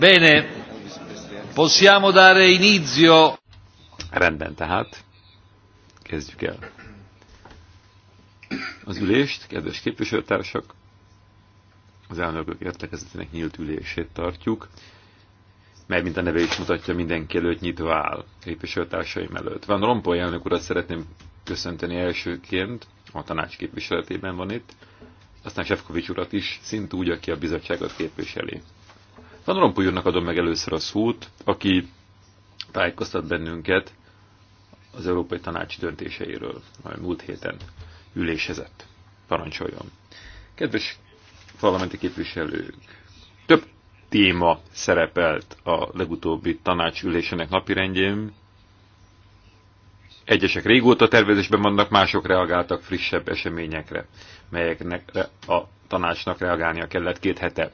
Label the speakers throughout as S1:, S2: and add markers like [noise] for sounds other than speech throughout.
S1: Bene,
S2: possiamo dare inizio. Rendben, tehát kezdjük el az ülést, kedves képviselőtársak. Az elnökök értekezetének nyílt ülését tartjuk, mert mint a neve is mutatja, mindenki előtt nyitva áll képviselőtársaim előtt. Van Rompoly elnök urat szeretném köszönteni elsőként, a tanács képviseletében van itt, aztán Sefkovics urat is, szintúgy, aki a bizottságot képviseli. Van Rompuy adom meg először a szót, aki tájékoztat bennünket az Európai Tanács döntéseiről, majd múlt héten ülésezett. Parancsoljon. Kedves parlamenti képviselők, több téma szerepelt a legutóbbi tanácsülésének napirendjén. Egyesek régóta tervezésben vannak, mások reagáltak frissebb eseményekre, melyeknek a tanácsnak reagálnia kellett két hete.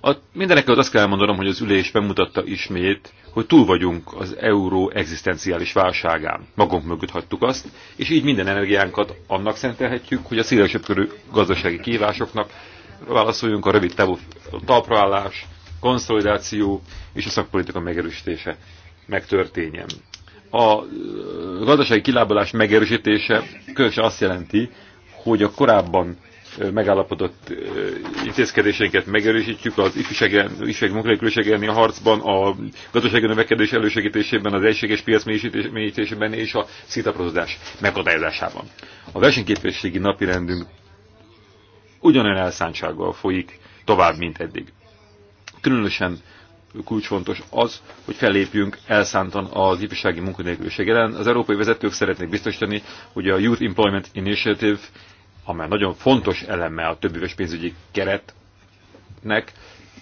S2: A, mindenekről azt kell mondanom, hogy az ülés bemutatta ismét, hogy túl vagyunk az euró egzisztenciális válságán. Magunk mögött hagytuk azt, és így minden energiánkat annak szentelhetjük, hogy a szélesebb körű gazdasági kívásoknak válaszoljunk a rövid távú talpraállás, konszolidáció és a szakpolitika megerősítése megtörténjen. A gazdasági kilábalás megerősítése különösen azt jelenti, hogy a korábban megállapodott intézkedéseinket megerősítjük az ifjúsági munkanélküliség elleni harcban, a gazdasági növekedés elősegítésében, az egységes piac mélyítésében és a szétaprozódás megadályozásában. A versenyképességi napirendünk ugyanolyan elszántsággal folyik tovább, mint eddig. Különösen kulcsfontos az, hogy fellépjünk elszántan az ifjúsági munkanélküliség ellen. Az európai vezetők szeretnék biztosítani, hogy a Youth Employment Initiative amely nagyon fontos eleme a többéves pénzügyi keretnek,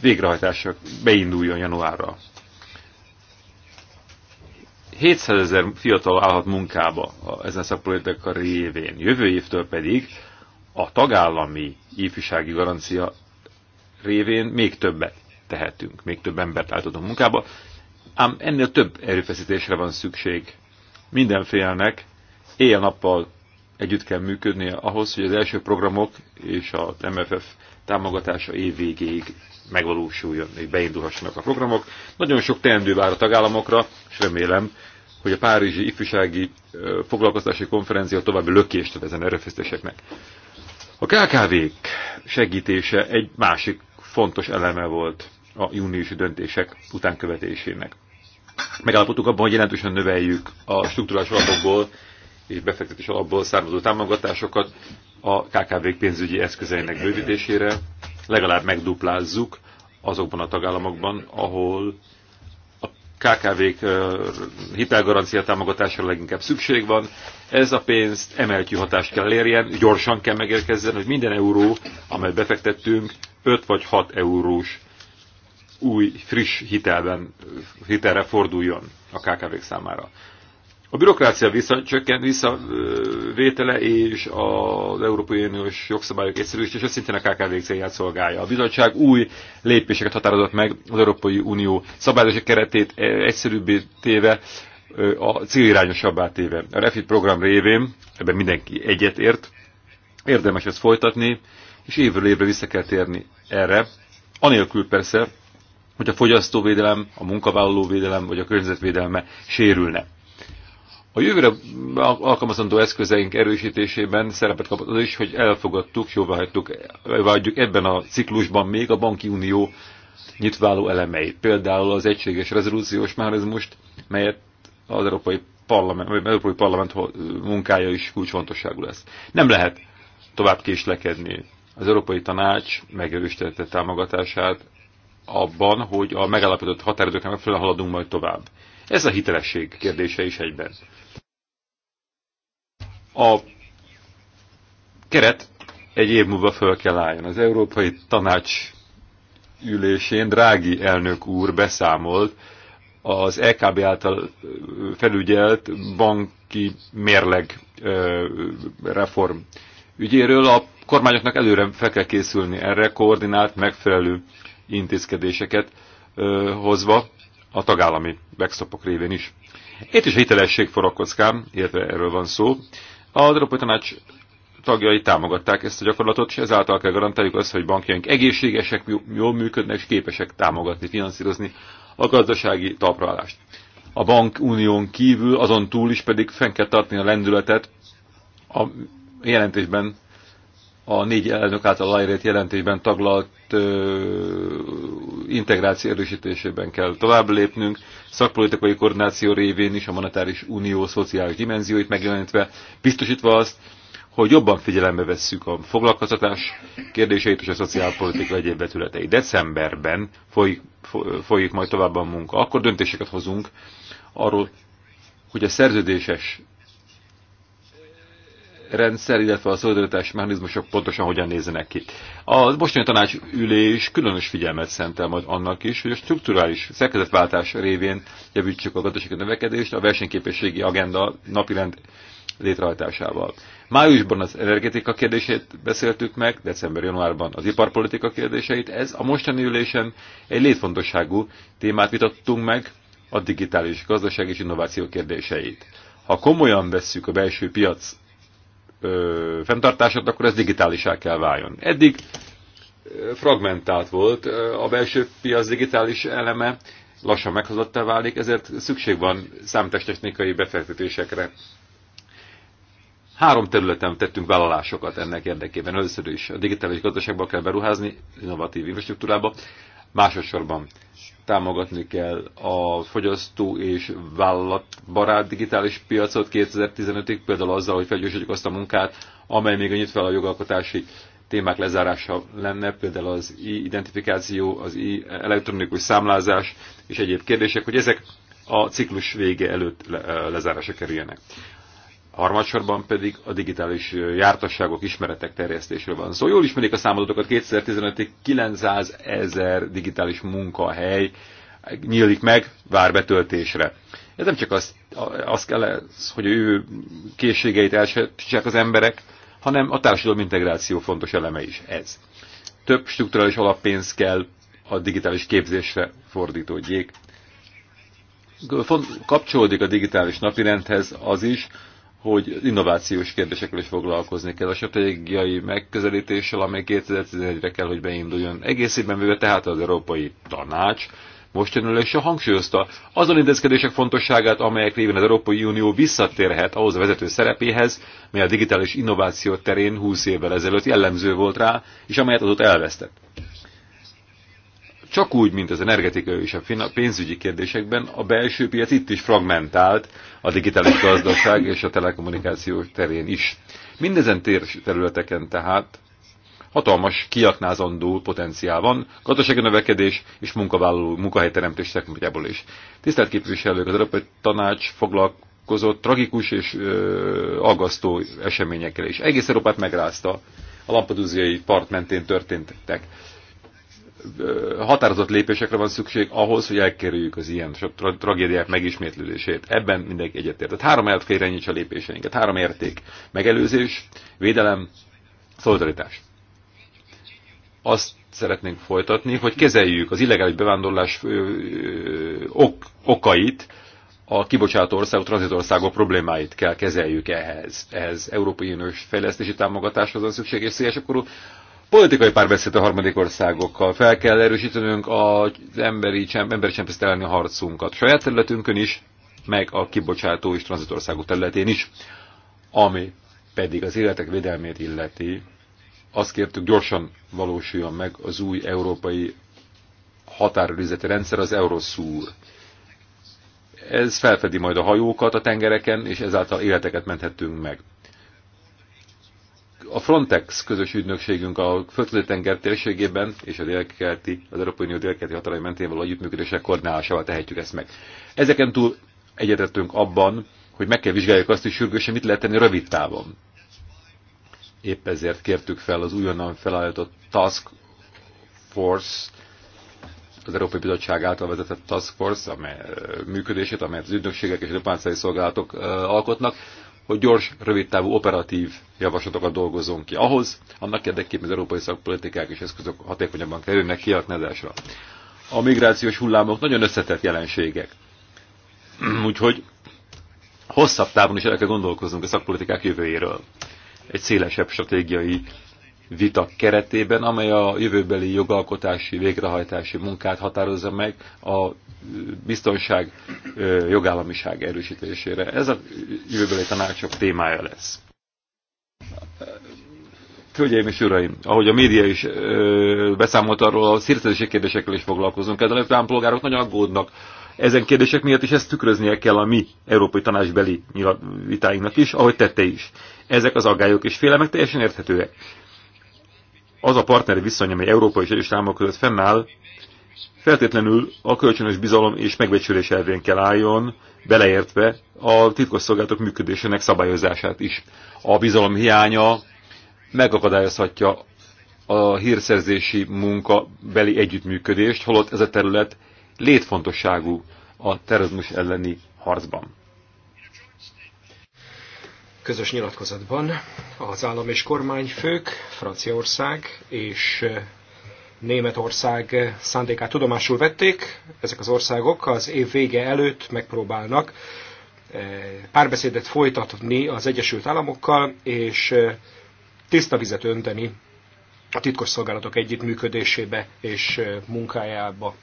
S2: végrehajtása beinduljon januárra. 700 ezer fiatal állhat munkába ezen szakpolitika révén. Jövő évtől pedig a tagállami ifjúsági garancia révén még többet tehetünk, még több embert álltatunk munkába, ám ennél több erőfeszítésre van szükség. Mindenfélnek éjjel-nappal együtt kell működnie ahhoz, hogy az első programok és a MFF támogatása év végéig megvalósuljon, és beindulhassanak a programok. Nagyon sok teendő vár a tagállamokra, és remélem, hogy a Párizsi Ifjúsági Foglalkoztási Konferencia további lökést ad ezen erőfeszítéseknek. A KKV-k segítése egy másik fontos eleme volt a júniusi döntések utánkövetésének. Megállapodtuk abban, hogy jelentősen növeljük a struktúrás alapokból és befektetés alapból származó támogatásokat a kkv pénzügyi eszközeinek bővítésére legalább megduplázzuk azokban a tagállamokban, ahol a KKV-k hitelgarancia támogatásra leginkább szükség van. Ez a pénzt emeltjű hatást kell érjen, gyorsan kell megérkezzen, hogy minden euró, amelyet befektettünk, 5 vagy 6 eurós új, friss hitelben, hitelre forduljon a KKV-k számára. A bürokrácia visszacsökken, visszavétele és az Európai Uniós jogszabályok egyszerűsítése szintén a KKV célját szolgálja. A bizottság új lépéseket határozott meg az Európai Unió szabályozási keretét e, egyszerűbbé téve, a célirányosabbá téve. A REFIT program révén, ebben mindenki egyet ért, érdemes ezt folytatni, és évről évre vissza kell térni erre, anélkül persze, hogy a fogyasztóvédelem, a munkavállalóvédelem vagy a környezetvédelme sérülne. A jövőre alkalmazandó eszközeink erősítésében szerepet kapott az is, hogy elfogadtuk, jóváhagytuk, vágyjuk ebben a ciklusban még a banki unió nyitváló elemeit. Például az egységes rezolúciós mechanizmust, melyet az Európai Parlament, az Európai Parlament munkája is kulcsfontosságú lesz. Nem lehet tovább késlekedni. Az Európai Tanács megerősítette támogatását abban, hogy a megállapodott határidőknek megfelelően haladunk majd tovább. Ez a hitelesség kérdése is egyben. A keret egy év múlva föl kell álljon. Az Európai Tanács ülésén Drági elnök úr beszámolt az LKB e által felügyelt banki mérleg reform ügyéről. A kormányoknak előre fel kell készülni erre, koordinált, megfelelő intézkedéseket hozva a tagállami backstopok révén is. Itt is a hitelesség forog kockám, illetve erről van szó. A Európai Tanács tagjai támogatták ezt a gyakorlatot, és ezáltal kell garantáljuk azt, hogy bankjaink egészségesek, jól működnek, és képesek támogatni, finanszírozni a gazdasági talpraállást. A bankunión kívül, azon túl is pedig fenn kell tartani a lendületet. A jelentésben a négy elnök által aláírt jelentésben taglalt ö, integráció erősítésében kell tovább lépnünk, szakpolitikai koordináció révén is a monetáris unió szociális dimenzióit megjelenítve, biztosítva azt, hogy jobban figyelembe vesszük a foglalkoztatás kérdéseit és a szociálpolitika egyéb vetületeit. Decemberben folyik, folyik majd tovább a munka. Akkor döntéseket hozunk arról, hogy a szerződéses rendszer, illetve a szolidaritás mechanizmusok pontosan hogyan nézzenek ki. A mostani tanácsülés különös figyelmet szentel majd annak is, hogy a strukturális szerkezetváltás révén javítsuk a gazdasági növekedést a versenyképességi agenda napirend létrehajtásával. Májusban az energetika kérdését beszéltük meg, december-januárban az iparpolitika kérdéseit. Ez a mostani ülésen egy létfontosságú témát vitattunk meg, a digitális gazdaság és innováció kérdéseit. Ha komolyan vesszük a belső piac ö, fenntartását, akkor ez digitálisá kell váljon. Eddig fragmentált volt a belső piac digitális eleme, lassan meghozottá válik, ezért szükség van számítástechnikai befektetésekre. Három területen tettünk vállalásokat ennek érdekében. Először is a digitális gazdaságba kell beruházni, innovatív infrastruktúrába, másodszorban támogatni kell a fogyasztó és vállalatbarát digitális piacot 2015-ig, például azzal, hogy felgyorsítjuk azt a munkát, amely még annyit fel a jogalkotási témák lezárása lenne, például az identifikáció, az elektronikus számlázás és egyéb kérdések, hogy ezek a ciklus vége előtt lezárása kerüljenek. Harmadsorban pedig a digitális jártasságok ismeretek terjesztésről van szó. Szóval jól ismerik a számadatokat, 2015-ig 900 ezer digitális munkahely nyílik meg, várbetöltésre. Ez nem csak az, az kell, hogy a jövő készségeit elsajátítsák az emberek, hanem a társadalom integráció fontos eleme is ez. Több strukturális alappénz kell a digitális képzésre fordítódjék. Kapcsolódik a digitális napirendhez az is, hogy innovációs kérdésekkel is foglalkozni kell a stratégiai megközelítéssel, amely 2011-re kell, hogy beinduljon. Egész évben véve tehát az Európai Tanács most ülésre hangsúlyozta azon intézkedések fontosságát, amelyek révén az Európai Unió visszatérhet ahhoz a vezető szerepéhez, mely a digitális innováció terén 20 évvel ezelőtt jellemző volt rá, és amelyet azóta elvesztett. Csak úgy, mint az energetikai és a pénzügyi kérdésekben, a belső piac itt is fragmentált a digitális gazdaság és a telekommunikáció terén is. Mindezen tér területeken tehát hatalmas kiaknázandó potenciál van, gazdasági növekedés és munkavállaló munkahelyteremtés szempontjából is. Tisztelt képviselők, az Európai Tanács foglalkozott tragikus és ö, aggasztó eseményekkel is. Egész Európát megrázta a lampedusiai part mentén történtek határozott lépésekre van szükség ahhoz, hogy elkerüljük az ilyen tra tragédiák megismétlődését. Ebben mindenki egyetért. Tehát három elv kell a lépéseinket. Három érték. Megelőzés, védelem, szolidaritás. Azt szeretnénk folytatni, hogy kezeljük az illegális bevándorlás ok, okait, a kibocsátó országok, tranzitországok problémáit kell kezeljük ehhez. Ehhez Európai Uniós fejlesztési támogatáshoz van szükség, és szélesekorú Politikai párbeszéd a harmadik országokkal. Fel kell erősítenünk az emberi, csem, emberi csempészet elleni harcunkat. Saját területünkön is, meg a kibocsátó és tranzitországok területén is, ami pedig az életek védelmét illeti. Azt kértük, gyorsan valósuljon meg az új európai határőrizeti rendszer, az Euroszúr. Ez felfedi majd a hajókat a tengereken, és ezáltal életeket menthetünk meg a Frontex közös ügynökségünk a Földközi-tenger térségében és a délkelti, az Európai Unió délkelti határai mentén való együttműködések koordinálásával tehetjük ezt meg. Ezeken túl egyetettünk abban, hogy meg kell vizsgáljuk azt is sürgősen, mit lehet tenni rövid távon. Épp ezért kértük fel az újonnan felállított Task Force, az Európai Bizottság által vezetett Task Force amely, működését, amelyet az ügynökségek és diplomáciai szolgálatok alkotnak, hogy gyors, rövidtávú, operatív javaslatokat dolgozzon ki ahhoz, annak érdekében az európai szakpolitikák és eszközök hatékonyabban kerülnek kiaknázásra. A migrációs hullámok nagyon összetett jelenségek.
S1: [clears throat]
S2: Úgyhogy hosszabb távon is el kell gondolkoznunk a szakpolitikák jövőjéről. Egy szélesebb stratégiai vita keretében, amely a jövőbeli jogalkotási, végrehajtási munkát határozza meg a biztonság jogállamiság erősítésére. Ez a jövőbeli tanácsok témája lesz. Hölgyeim és uraim, ahogy a média is ö, beszámolt arról, a szírtezési kérdésekkel is foglalkozunk, de az állampolgárok nagyon aggódnak ezen kérdések miatt, és ezt tükröznie kell a mi Európai Tanácsbeli vitáinknak is, ahogy tette is. Ezek az aggályok és félelmek teljesen érthetőek az a partneri viszony, amely Európa és Egyes Államok között fennáll, feltétlenül a kölcsönös bizalom és megbecsülés elvén kell álljon, beleértve a titkosszolgálatok működésének szabályozását is. A bizalom hiánya megakadályozhatja a hírszerzési munka beli együttműködést, holott ez a terület létfontosságú a terrorizmus elleni harcban
S3: közös nyilatkozatban az állam és kormányfők, Franciaország és eh, Németország eh, szándékát tudomásul vették. Ezek az országok az év vége előtt megpróbálnak eh, párbeszédet folytatni az Egyesült Államokkal, és tiszta vizet önteni a titkos szolgálatok együttműködésébe és munkájába.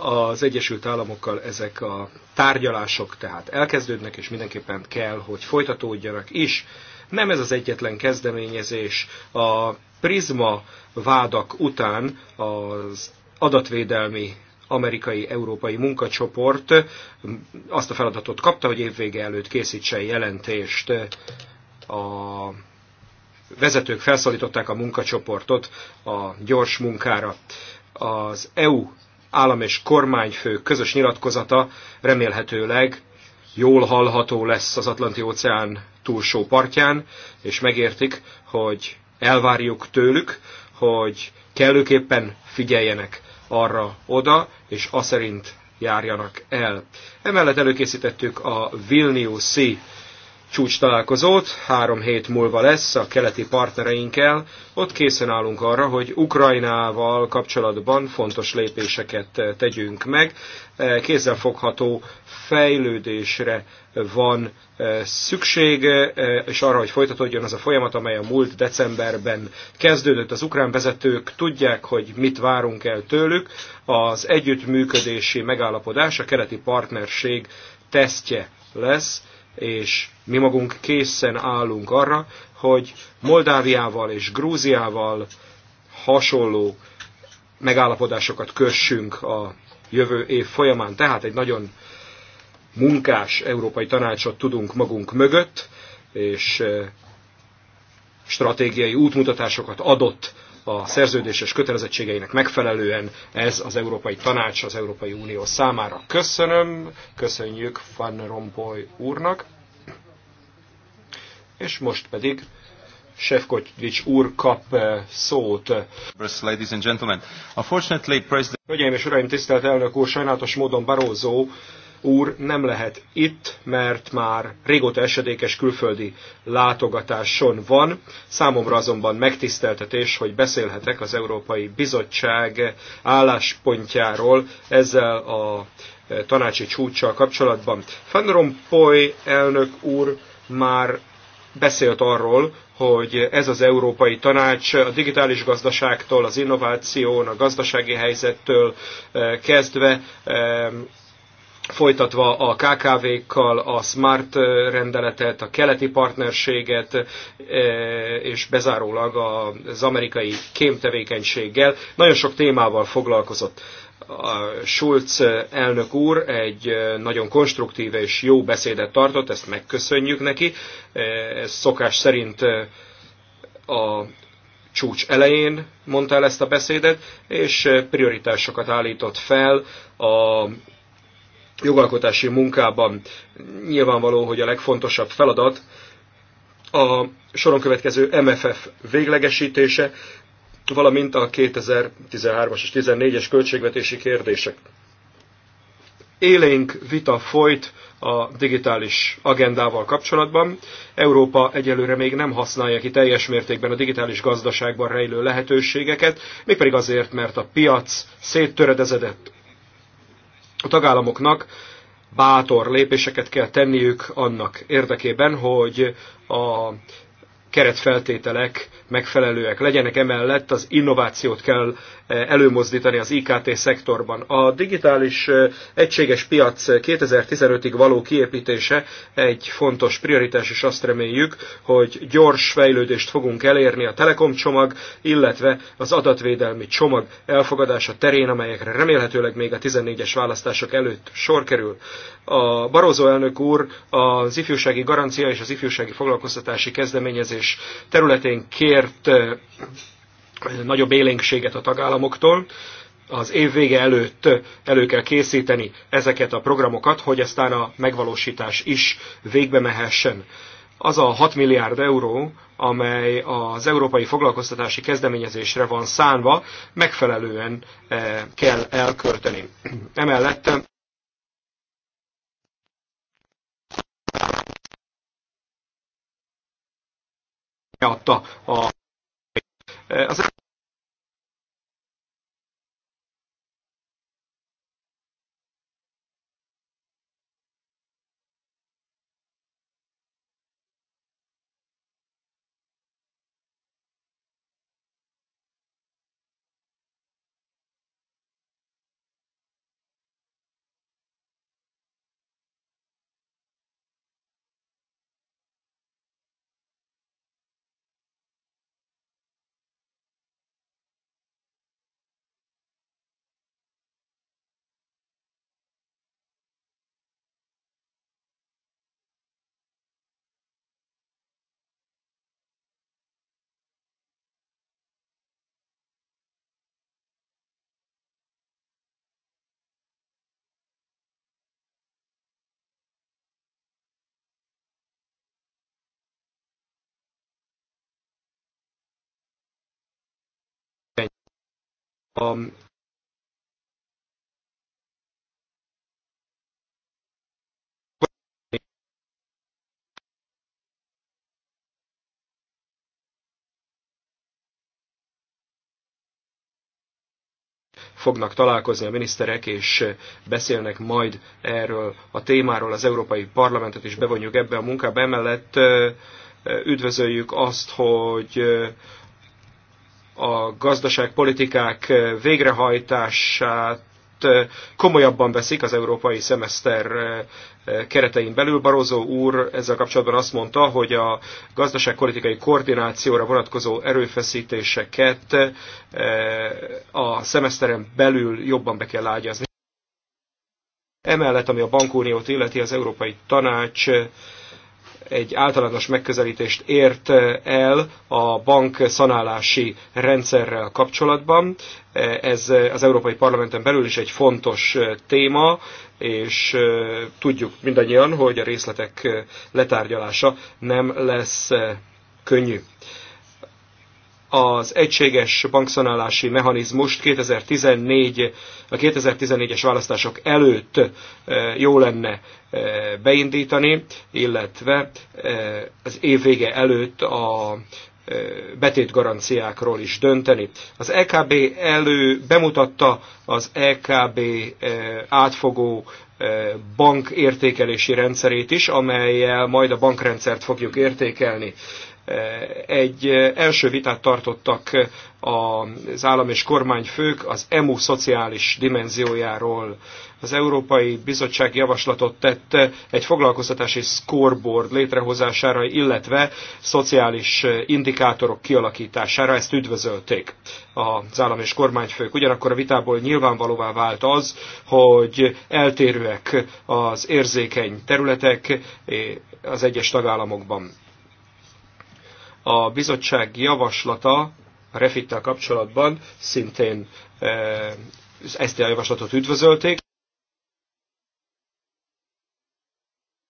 S3: az Egyesült Államokkal ezek a tárgyalások tehát elkezdődnek, és mindenképpen kell, hogy folytatódjanak is. Nem ez az egyetlen kezdeményezés. A Prisma vádak után az adatvédelmi amerikai-európai munkacsoport azt a feladatot kapta, hogy évvége előtt készítse jelentést a vezetők felszólították a munkacsoportot a gyors munkára. Az EU állam és kormányfő közös nyilatkozata remélhetőleg jól hallható lesz az Atlanti-óceán túlsó partján, és megértik, hogy elvárjuk tőlük, hogy kellőképpen figyeljenek arra oda, és aszerint járjanak el. Emellett előkészítettük a Vilnius csúcs találkozót, három hét múlva lesz a keleti partnereinkkel. Ott készen állunk arra, hogy Ukrajnával kapcsolatban fontos lépéseket tegyünk meg. Kézzelfogható fejlődésre van eh, szükség, eh, és arra, hogy folytatódjon az a folyamat, amely a múlt decemberben kezdődött. Az ukrán vezetők tudják, hogy mit várunk el tőlük. Az együttműködési megállapodás a keleti partnerség tesztje lesz, és mi magunk készen állunk arra, hogy Moldáviával és Grúziával hasonló megállapodásokat kössünk a jövő év folyamán. Tehát egy nagyon munkás európai tanácsot tudunk magunk mögött, és eh, stratégiai útmutatásokat adott a szerződéses kötelezettségeinek megfelelően ez az Európai Tanács az Európai Unió számára. Köszönöm, köszönjük Van Rompuy úrnak és most pedig Sefcovics úr kap eh, szót.
S2: Ladies and gentlemen,
S3: unfortunately, President... Hölgyeim és uraim, tisztelt elnök úr, sajnálatos módon Barózó úr nem lehet itt, mert már régóta esedékes külföldi látogatáson van. Számomra azonban megtiszteltetés, hogy beszélhetek az Európai Bizottság álláspontjáról ezzel a eh, tanácsi csúcssal kapcsolatban. Van Rompuy elnök úr már beszélt arról, hogy ez az Európai Tanács a digitális gazdaságtól, az innováción, a gazdasági helyzettől eh, kezdve eh, folytatva a KKV-kkal, a Smart eh, rendeletet, a keleti partnerséget, és bezárólag az amerikai kémtevékenységgel. Nagyon sok témával foglalkozott a Schulz elnök úr egy nagyon konstruktív és jó beszédet tartott, ezt megköszönjük neki. Ez szokás szerint a csúcs elején mondta el ezt a beszédet, és prioritásokat állított fel a jogalkotási munkában. Nyilvánvaló, hogy a legfontosabb feladat a soron következő MFF véglegesítése, valamint a 2013-as és 2014-es költségvetési kérdések. Élénk vita folyt a digitális agendával kapcsolatban. Európa egyelőre még nem használja ki teljes mértékben a digitális gazdaságban rejlő lehetőségeket, mégpedig azért, mert a piac széttöredezedett. A tagállamoknak bátor lépéseket kell tenniük annak érdekében, hogy a keretfeltételek megfelelőek legyenek, emellett az innovációt kell eh, előmozdítani az IKT szektorban. A digitális eh, egységes piac 2015-ig való kiépítése egy fontos prioritás, és azt reméljük, hogy gyors fejlődést fogunk elérni a telekom csomag, illetve az adatvédelmi csomag elfogadása terén, amelyekre remélhetőleg még a 14-es választások előtt sor kerül. A Barozó elnök úr az ifjúsági garancia és az ifjúsági foglalkoztatási kezdeményezés fejlesztés területén kért nagyobb élénkséget a tagállamoktól, az év vége előtt elő kell készíteni ezeket a programokat, hogy aztán a megvalósítás is végbe mehessen. Az a 6 milliárd euró, amely az európai foglalkoztatási kezdeményezésre van szánva, megfelelően
S1: kell elkölteni. Emellett adta a az a fognak
S3: találkozni a miniszterek, és beszélnek majd erről a témáról, az Európai Parlamentet is bevonjuk ebbe a munkába. Emellett üdvözöljük azt, hogy a gazdaságpolitikák végrehajtását komolyabban veszik az európai szemeszter keretein belül. Barozó úr ezzel kapcsolatban azt mondta, hogy a gazdaságpolitikai koordinációra vonatkozó erőfeszítéseket eh, a szemeszteren belül jobban be kell ágyazni. Emellett, ami a bankuniót illeti, az Európai Tanács eh, egy általános megközelítést ért eh, el a bank szanálási rendszerrel kapcsolatban. Eh, ez eh, az Európai Parlamenten belül is egy fontos téma, és tudjuk mindannyian, hogy a részletek letárgyalása nem lesz könnyű az egységes bankszonálási mechanizmust 2014, a 2014-es választások előtt e, jó lenne e, beindítani, illetve e, az év vége előtt a betétgaranciákról is dönteni. Az EKB elő bemutatta az EKB átfogó bank értékelési rendszerét is, amelyel majd a bankrendszert fogjuk értékelni egy eh, első vitát tartottak eh, az állam és kormányfők az EMU szociális dimenziójáról. Az Európai Bizottság javaslatot tett eh, egy foglalkoztatási scoreboard létrehozására, illetve szociális indikátorok kialakítására, ezt üdvözölték az állam és kormányfők. Ugyanakkor a vitából nyilvánvalóvá vált az, hogy eltérőek az érzékeny területek az egyes tagállamokban a bizottság javaslata a refittel kapcsolatban szintén ezt a javaslatot üdvözölték.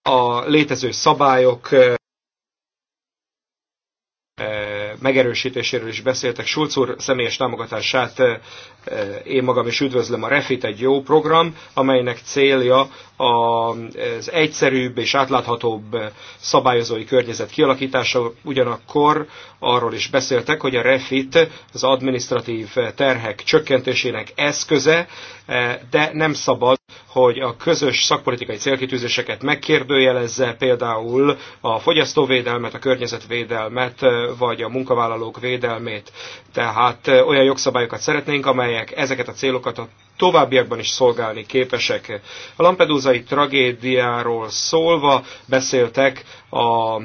S3: A létező szabályok e, megerősítéséről is beszéltek. Schulz úr személyes támogatását én magam is üdvözlöm. A Refit egy jó program, amelynek célja az egyszerűbb és átláthatóbb szabályozói környezet kialakítása. Ugyanakkor arról is beszéltek, hogy a Refit az administratív terhek csökkentésének eszköze, de nem szabad hogy a közös szakpolitikai célkitűzéseket megkérdőjelezze, például a fogyasztóvédelmet, a környezetvédelmet, vagy a munkavállalók védelmét. Tehát olyan jogszabályokat szeretnénk, amelyek ezeket a célokat a továbbiakban is szolgálni képesek. A Lampedusai tragédiáról szólva beszéltek a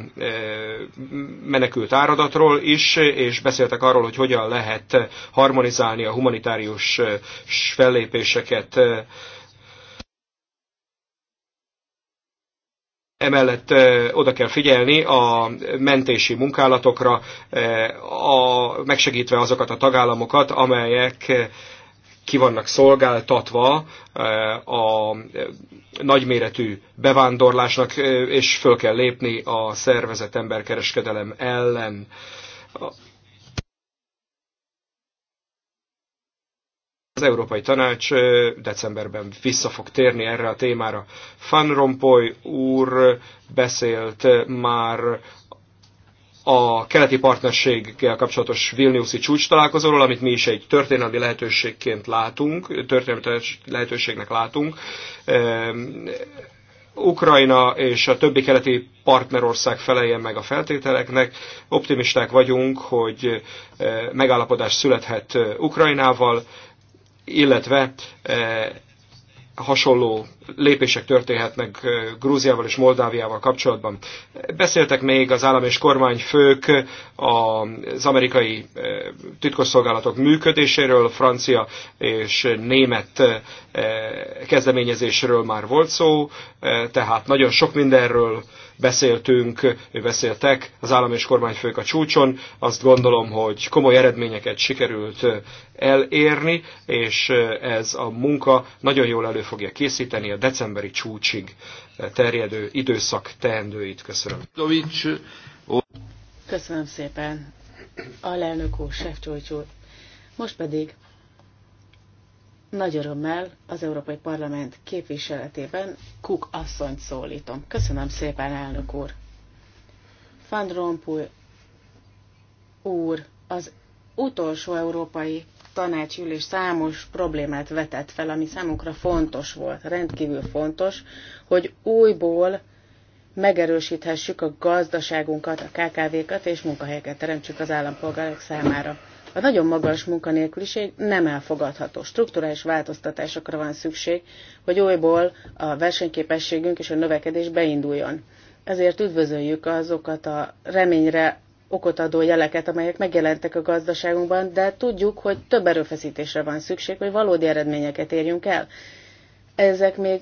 S3: menekült áradatról is, és beszéltek arról, hogy hogyan lehet harmonizálni a humanitárius fellépéseket Emellett oda kell figyelni a mentési munkálatokra, a, megsegítve azokat a tagállamokat, amelyek ki vannak szolgáltatva a nagyméretű bevándorlásnak, és föl kell lépni a szervezett emberkereskedelem ellen. Az Európai Tanács decemberben vissza fog térni erre a témára. Van Rompuy úr beszélt már a keleti partnerséggel kapcsolatos Vilniuszi csúcs találkozóról, amit mi is egy történelmi lehetőségként látunk, történelmi lehetőségnek látunk. Ukrajna és a többi keleti partnerország feleljen meg a feltételeknek. Optimisták vagyunk, hogy megállapodás születhet Ukrajnával, illetve e, hasonló lépések történhetnek e, Grúziával és Moldáviával kapcsolatban. Beszéltek még az állam és kormányfők az amerikai e, titkosszolgálatok működéséről, francia és német kezdeményezésről már volt szó, tehát nagyon sok mindenről beszéltünk, beszéltek az állam és kormányfők a csúcson. Azt gondolom, hogy komoly eredményeket sikerült elérni, és ez a munka nagyon jól elő fogja készíteni a decemberi csúcsig terjedő időszak teendőit. Köszönöm.
S4: Köszönöm szépen. Alelnök úr, Sefcsolcs úr. Most pedig nagy örömmel az Európai Parlament képviseletében Cook asszonyt szólítom. Köszönöm szépen, elnök úr! Van Rompuy úr az utolsó európai tanácsülés számos problémát vetett fel, ami számunkra fontos volt, rendkívül fontos, hogy újból megerősíthessük a gazdaságunkat, a KKV-kat és munkahelyeket teremtsük az állampolgárok számára. A nagyon magas munkanélküliség nem elfogadható. Strukturális változtatásokra van szükség, hogy olyból a versenyképességünk és a növekedés beinduljon. Ezért üdvözöljük azokat a reményre okot adó jeleket, amelyek megjelentek a gazdaságunkban, de tudjuk, hogy több erőfeszítésre van szükség, hogy valódi eredményeket érjünk el. Ezek még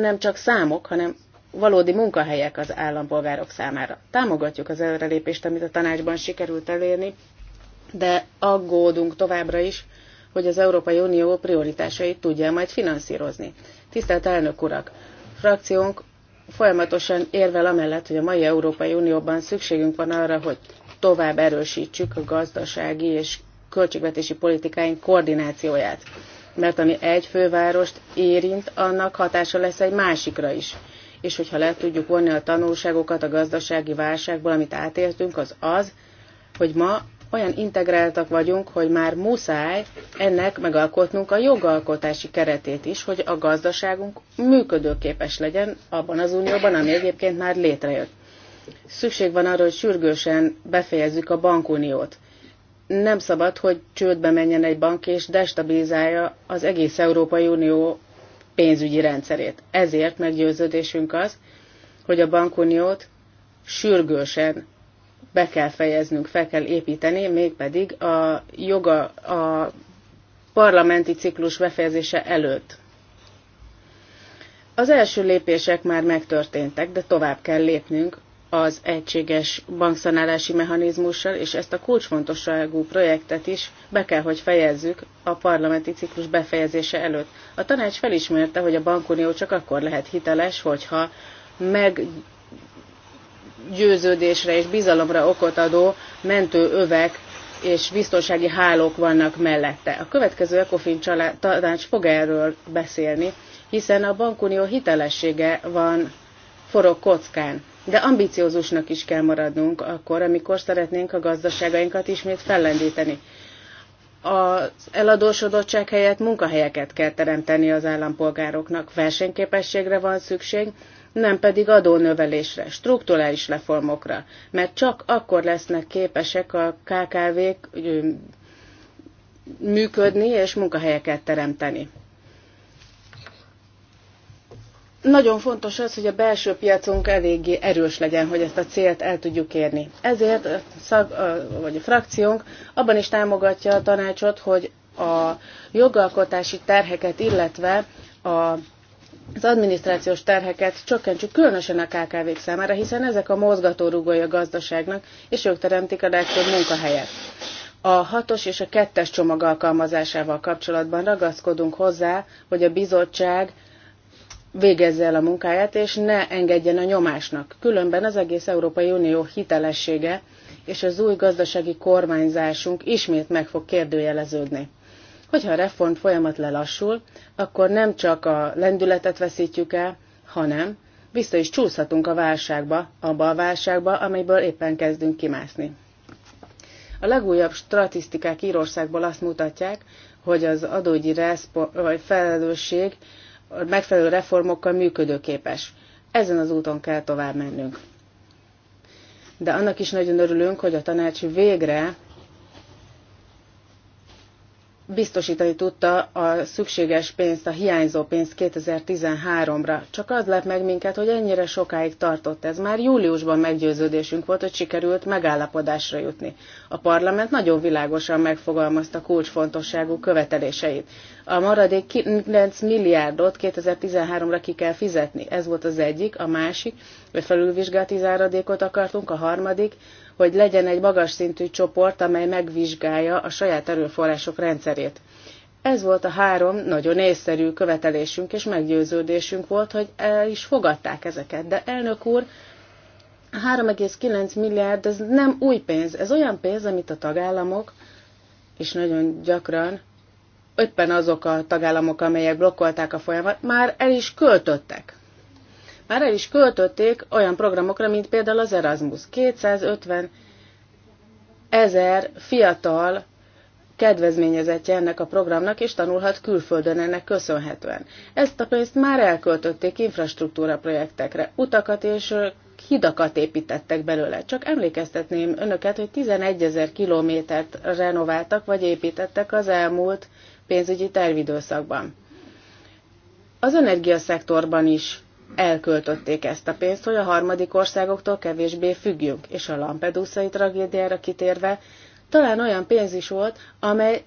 S4: nem csak számok, hanem valódi munkahelyek az állampolgárok számára. Támogatjuk az előrelépést, amit a tanácsban sikerült elérni, de aggódunk továbbra is, hogy az Európai Unió prioritásait tudja majd finanszírozni. Tisztelt elnök urak! Frakciónk folyamatosan érvel amellett, hogy a mai Európai Unióban szükségünk van arra, hogy tovább erősítsük a gazdasági és költségvetési politikáink koordinációját. Mert ami egy fővárost érint, annak hatása lesz egy másikra is. És hogyha le tudjuk vonni a tanulságokat a gazdasági válságból, amit átéltünk, az az, hogy ma olyan integráltak vagyunk, hogy már muszáj ennek megalkotnunk a jogalkotási keretét is, hogy a gazdaságunk működőképes legyen abban az unióban, ami egyébként már létrejött. Szükség van arra, hogy sürgősen befejezzük a bankuniót. Nem szabad, hogy csődbe menjen egy bank és destabilizálja az egész Európai Unió pénzügyi rendszerét. Ezért meggyőződésünk az, hogy a bankuniót sürgősen be kell fejeznünk, fel kell építeni, mégpedig a joga, a parlamenti ciklus befejezése előtt. Az első lépések már megtörténtek, de tovább kell lépnünk az egységes bankszanálási mechanizmussal, és ezt a kulcsfontosságú projektet is be kell, hogy fejezzük a parlamenti ciklus befejezése előtt. A tanács felismerte, hogy a bankunió csak akkor lehet hiteles, hogyha meg győződésre és bizalomra okot adó mentőövek és biztonsági hálók vannak mellette. A következő ECOFIN tanács fog erről beszélni, hiszen a bankunió hitelessége van forog kockán. De ambiciózusnak is kell maradnunk akkor, amikor szeretnénk a gazdaságainkat ismét fellendíteni. Az eladósodottság helyett munkahelyeket kell teremteni az állampolgároknak. Versenyképességre van szükség, nem pedig adónövelésre, strukturális reformokra, mert csak akkor lesznek képesek a KKV-k működni és munkahelyeket teremteni. Nagyon fontos az, hogy a belső piacunk eléggé erős legyen, hogy ezt a célt el tudjuk érni. Ezért a, szag, vagy a frakciónk abban is támogatja a tanácsot, hogy a jogalkotási terheket, illetve a az adminisztrációs terheket csökkentsük különösen a KKV-k számára, hiszen ezek a mozgatórugói a gazdaságnak, és ők teremtik a legtöbb munkahelyet. A hatos és a kettes csomag alkalmazásával kapcsolatban ragaszkodunk hozzá, hogy a bizottság végezze el a munkáját, és ne engedjen a nyomásnak. Különben az egész Európai Unió hitelessége és az új gazdasági kormányzásunk ismét meg fog kérdőjeleződni. Hogyha a reform folyamat lelassul, akkor nem csak a lendületet veszítjük el, hanem vissza is csúszhatunk a válságba, abba a válságba, amelyből éppen kezdünk kimászni. A legújabb statisztikák Írországból azt mutatják, hogy az adógyi felelősség megfelelő reformokkal működőképes. Ezen az úton kell tovább mennünk. De annak is nagyon örülünk, hogy a tanács végre biztosítani tudta a szükséges pénzt, a hiányzó pénzt 2013-ra. Csak az lett meg minket, hogy ennyire sokáig tartott ez. Már júliusban meggyőződésünk volt, hogy sikerült megállapodásra jutni. A parlament nagyon világosan megfogalmazta kulcsfontosságú követeléseit. A maradék 9 milliárdot 2013-ra ki kell fizetni. Ez volt az egyik, a másik, hogy felülvizsgálti záradékot akartunk, a harmadik, hogy legyen egy magas szintű csoport, amely megvizsgálja a saját erőforrások rendszerét. Ez volt a három nagyon észszerű követelésünk és meggyőződésünk volt, hogy el is fogadták ezeket. De elnök úr, 3,9 milliárd, ez nem új pénz, ez olyan pénz, amit a tagállamok, és nagyon gyakran, ötben azok a tagállamok, amelyek blokkolták a folyamat, már el is költöttek már el is költötték olyan programokra, mint például az Erasmus. 250 ezer fiatal kedvezményezettje ennek a programnak, és tanulhat külföldön ennek köszönhetően. Ezt a pénzt már elköltötték infrastruktúra projektekre, utakat és hidakat építettek belőle. Csak emlékeztetném önöket, hogy 11 ezer kilométert renováltak vagy építettek az elmúlt pénzügyi tervidőszakban. Az energiaszektorban is elköltötték ezt a pénzt, hogy a harmadik országoktól kevésbé függjünk. És a Lampedusai tragédiára kitérve, talán olyan pénz is volt, amely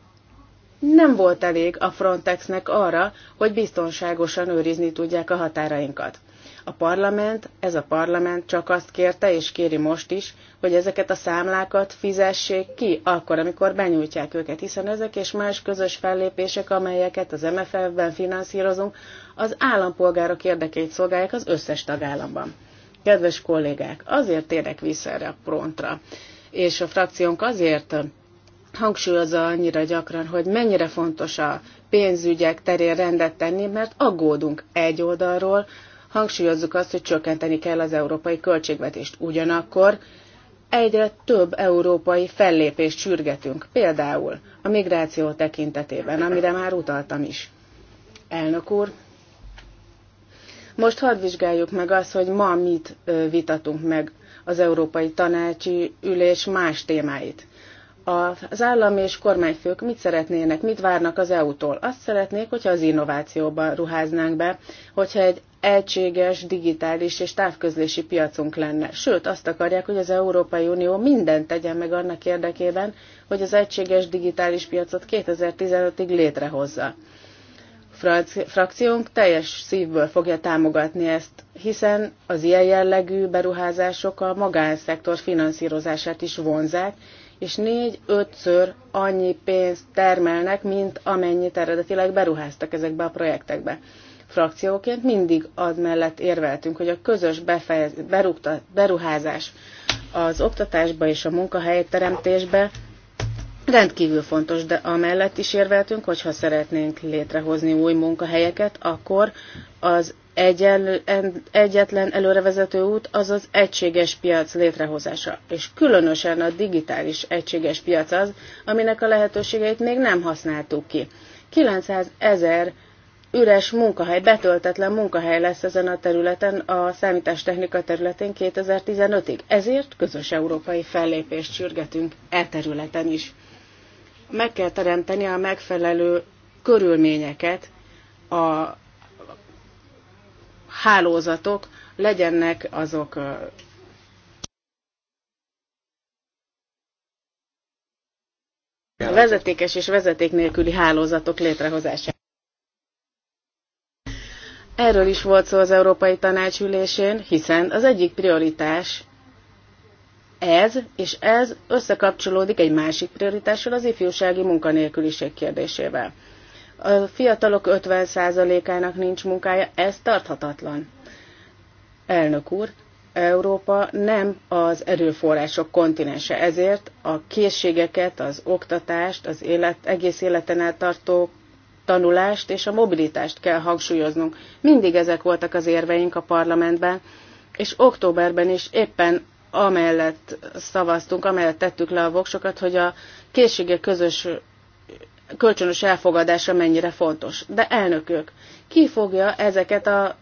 S4: nem volt elég a Frontexnek arra, hogy biztonságosan őrizni tudják a határainkat. A parlament, ez a parlament csak azt kérte és kéri most is, hogy ezeket a számlákat fizessék ki akkor, amikor benyújtják őket, hiszen ezek és más közös fellépések, amelyeket az MFF-ben finanszírozunk, az állampolgárok érdekeit szolgálják az összes tagállamban. Kedves kollégák, azért térek vissza erre a prontra, és a frakciónk azért hangsúlyozza annyira gyakran, hogy mennyire fontos a pénzügyek terén rendet tenni, mert aggódunk egy oldalról, hangsúlyozzuk azt, hogy csökkenteni kell az európai költségvetést. Ugyanakkor egyre több európai fellépést sürgetünk, például a migráció tekintetében, amire már utaltam is. Elnök úr, most hadd vizsgáljuk meg azt, hogy ma mit vitatunk meg az Európai Tanácsi Ülés más témáit. Az állam és kormányfők mit szeretnének, mit várnak az EU-tól? Azt szeretnék, hogyha az innovációba ruháznánk be, hogyha egy egységes, digitális és távközlési piacunk lenne. Sőt, azt akarják, hogy az Európai Unió mindent tegyen meg annak érdekében, hogy az egységes digitális piacot 2015-ig létrehozza frakciónk teljes szívből fogja támogatni ezt, hiszen az ilyen jellegű beruházások a magánszektor finanszírozását is vonzák, és négy-ötször annyi pénzt termelnek, mint amennyit eredetileg beruháztak ezekbe a projektekbe. Frakcióként mindig az mellett érveltünk, hogy a közös befejez, berukta, beruházás az oktatásba és a munkahelyteremtésbe Rendkívül fontos, de amellett is érveltünk, hogyha szeretnénk létrehozni új munkahelyeket, akkor az egyenl- egyetlen előrevezető út az az egységes piac létrehozása. És különösen a digitális egységes piac az, aminek a lehetőségeit még nem használtuk ki. 900 ezer üres munkahely, betöltetlen munkahely lesz ezen a területen, a számítástechnika területén 2015-ig. Ezért közös európai fellépést sürgetünk e területen is meg kell teremteni a megfelelő körülményeket a hálózatok, legyenek azok vezetékes és vezeték nélküli hálózatok létrehozása. Erről is volt szó az Európai Tanácsülésén, hiszen az egyik prioritás ez és ez összekapcsolódik egy másik prioritással, az ifjúsági munkanélküliség kérdésével. A fiatalok 50%-ának nincs munkája, ez tarthatatlan. Elnök úr, Európa nem az erőforrások kontinense, ezért a készségeket, az oktatást, az élet, egész életen át tartó tanulást és a mobilitást kell hangsúlyoznunk. Mindig ezek voltak az érveink a parlamentben, és októberben is éppen amellett szavaztunk, amellett tettük le a voksokat, hogy a készségek közös kölcsönös elfogadása mennyire fontos. De elnökök, ki fogja ezeket a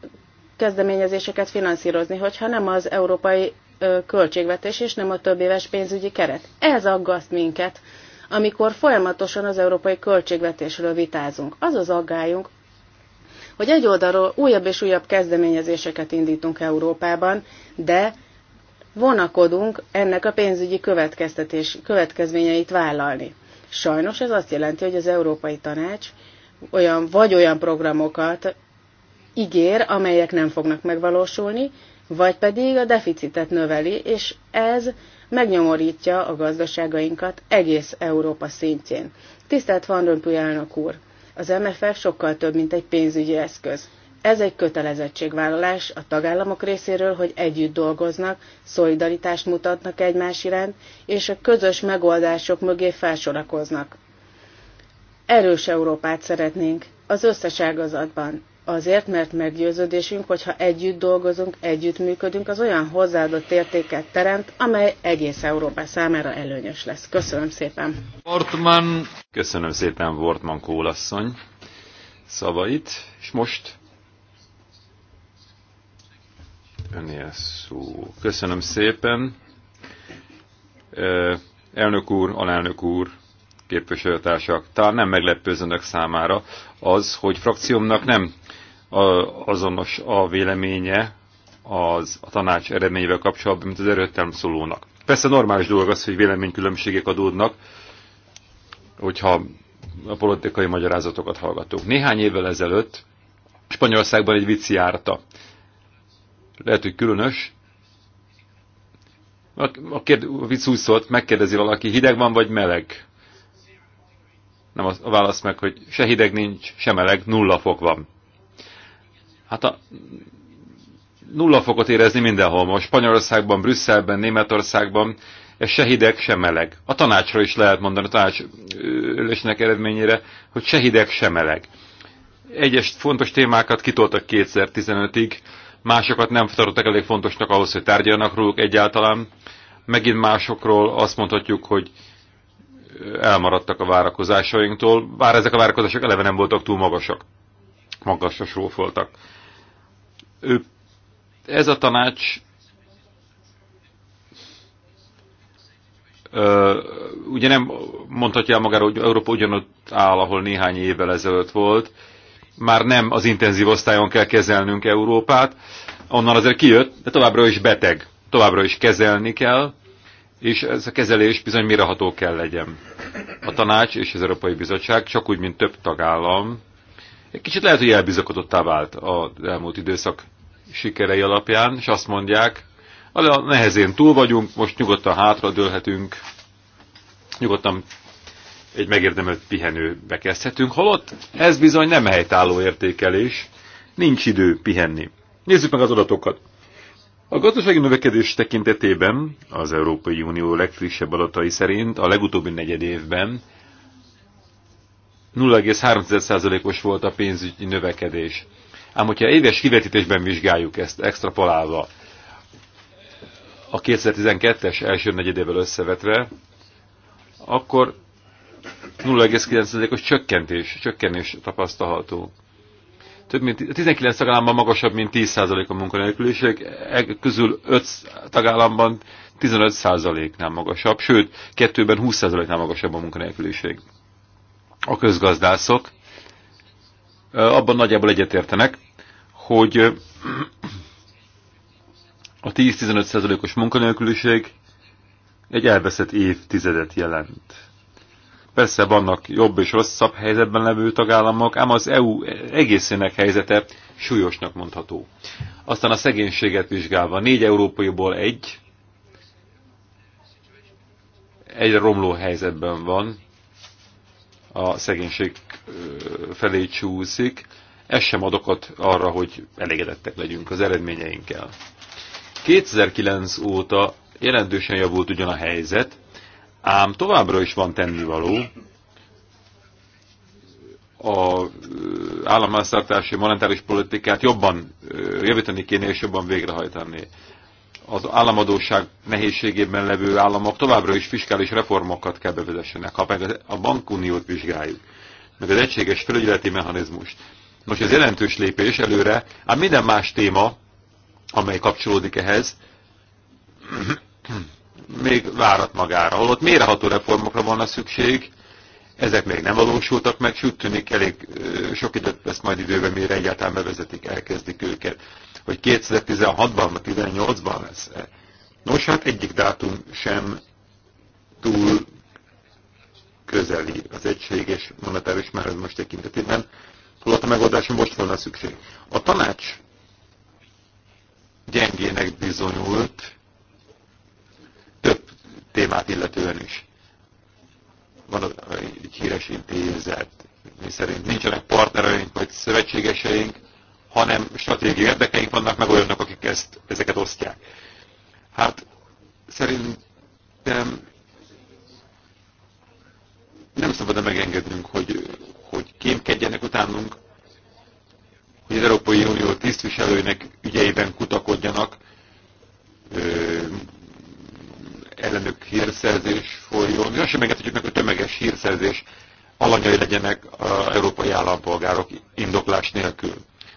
S4: kezdeményezéseket finanszírozni, hogyha nem az európai költségvetés és nem a több éves pénzügyi keret? Ez aggaszt minket, amikor folyamatosan az európai költségvetésről vitázunk. Az az aggályunk, hogy egy oldalról újabb és újabb kezdeményezéseket indítunk Európában, de vonakodunk ennek a pénzügyi következtetés, következményeit vállalni. Sajnos ez azt jelenti, hogy az Európai Tanács olyan vagy olyan programokat ígér, amelyek nem fognak megvalósulni, vagy pedig a deficitet növeli, és ez megnyomorítja a gazdaságainkat egész Európa szintjén. Tisztelt Van Rompuy elnök úr! Az MFF sokkal több, mint egy pénzügyi eszköz. Ez egy kötelezettségvállalás a tagállamok részéről, hogy együtt dolgoznak, szolidaritást mutatnak egymás iránt, és a közös megoldások mögé felsorakoznak. Erős Európát szeretnénk az összes ágazatban. Azért, mert meggyőződésünk, hogy ha együtt dolgozunk, együtt működünk, az olyan hozzáadott értéket teremt, amely egész Európa számára előnyös lesz. Köszönöm szépen.
S2: Wortman. Köszönöm szépen Wortmann kólasszony szavait, és most önél szó. Köszönöm szépen. Elnök úr, alelnök úr, képviselőtársak, talán nem meglepő az önök számára az, hogy frakciómnak nem azonos a véleménye az a tanács eredményével kapcsolatban, mint az erőtelm szólónak. Persze normális dolog az, hogy véleménykülönbségek adódnak, hogyha a politikai magyarázatokat hallgatunk. Néhány évvel ezelőtt Spanyolországban egy vicci járta lehet, hogy különös. A, a, kérd, a vicc úgy szólt, megkérdezi valaki, hideg van vagy meleg? Nem a, a válasz meg, hogy se hideg nincs, se meleg, nulla fok van. Hát a nulla fokot érezni mindenhol most. Spanyolországban, Brüsszelben, Németországban, ez se hideg, se meleg. A tanácsra is lehet mondani, a tanács ülésnek eredményére, hogy se hideg, se meleg. Egyes fontos témákat kitoltak 2015-ig, másokat nem tartottak elég fontosnak ahhoz, hogy tárgyalnak róluk egyáltalán. Megint másokról azt mondhatjuk, hogy elmaradtak a várakozásainktól, bár ezek a várakozások eleve nem voltak túl magasak, magasra srófoltak. Ő, ez a tanács ö, ugye nem mondhatja magára, hogy Európa ugyanott áll, ahol néhány évvel ezelőtt volt, már nem az intenzív osztályon kell kezelnünk Európát, onnan azért kijött, de továbbra is beteg, továbbra is kezelni kell, és ez a kezelés bizony mireható kell legyen. A tanács és az Európai Bizottság, csak úgy, mint több tagállam, egy kicsit lehet, hogy elbizakodottá vált az elmúlt időszak sikerei alapján, és azt mondják, a nehezén túl vagyunk, most nyugodtan hátradőlhetünk, nyugodtan egy megérdemelt pihenőbe kezdhetünk, holott ez bizony nem helytálló értékelés, nincs idő pihenni. Nézzük meg az adatokat. A gazdasági növekedés tekintetében az Európai Unió legfrissebb adatai szerint a legutóbbi negyed évben 0,3%-os volt a pénzügyi növekedés. Ám hogyha éves kivetítésben vizsgáljuk ezt, extrapolálva, a 2012-es első negyedével összevetve, akkor 0,9%-os csökkentés, csökkenés tapasztalható. Több mint 19 tagállamban magasabb, mint 10% a munkanélküliség, e közül 5 tagállamban 15%-nál magasabb, sőt, kettőben 20%-nál magasabb a munkanélküliség. A közgazdászok abban nagyjából egyetértenek, hogy a 10-15%-os munkanélküliség egy elveszett évtizedet jelent. Persze vannak jobb és rosszabb helyzetben levő tagállamok, ám az EU egészének helyzete súlyosnak mondható. Aztán a szegénységet vizsgálva, négy európaiból egy egy romló helyzetben van, a szegénység felé csúszik. Ez sem adokat arra, hogy elégedettek legyünk az eredményeinkkel. 2009 óta jelentősen javult ugyan a helyzet, Ám továbbra is van tennivaló a államháztartási monetáris politikát jobban javítani kéne és jobban végrehajtani. Az államadóság nehézségében levő államok továbbra is fiskális reformokat kell bevezessenek, ha meg a bankuniót vizsgáljuk, meg az egységes felügyeleti mechanizmust. Nos, ez jelentős lépés előre, ám minden más téma, amely kapcsolódik ehhez, még várat magára. Holott méreható reformokra volna szükség, ezek még nem valósultak meg, sőt tűnik elég sok időt vesz majd időben, mire egyáltalán bevezetik, elkezdik őket. Hogy 2016-ban, vagy 2018-ban lesz -e. Nos, hát egyik dátum sem túl közeli az egységes monetáris most tekintetében, holott a megoldáson most volna szükség. A tanács gyengének bizonyult, témát illetően is. Van egy híres intézet, mi szerint nincsenek partnereink vagy szövetségeseink, hanem stratégiai érdekeink vannak, meg olyanok, akik ezt, ezeket osztják. Hát szerintem nem szabad megengednünk, hogy, hogy kémkedjenek utánunk, hogy az Európai Unió tisztviselőinek ügyeiben kutakodjanak, ellenük hírszerzés folyjon. Mi azt sem engedhetjük meg, hogy tömeges hírszerzés alanyai legyenek a európai állampolgárok indoklás nélkül.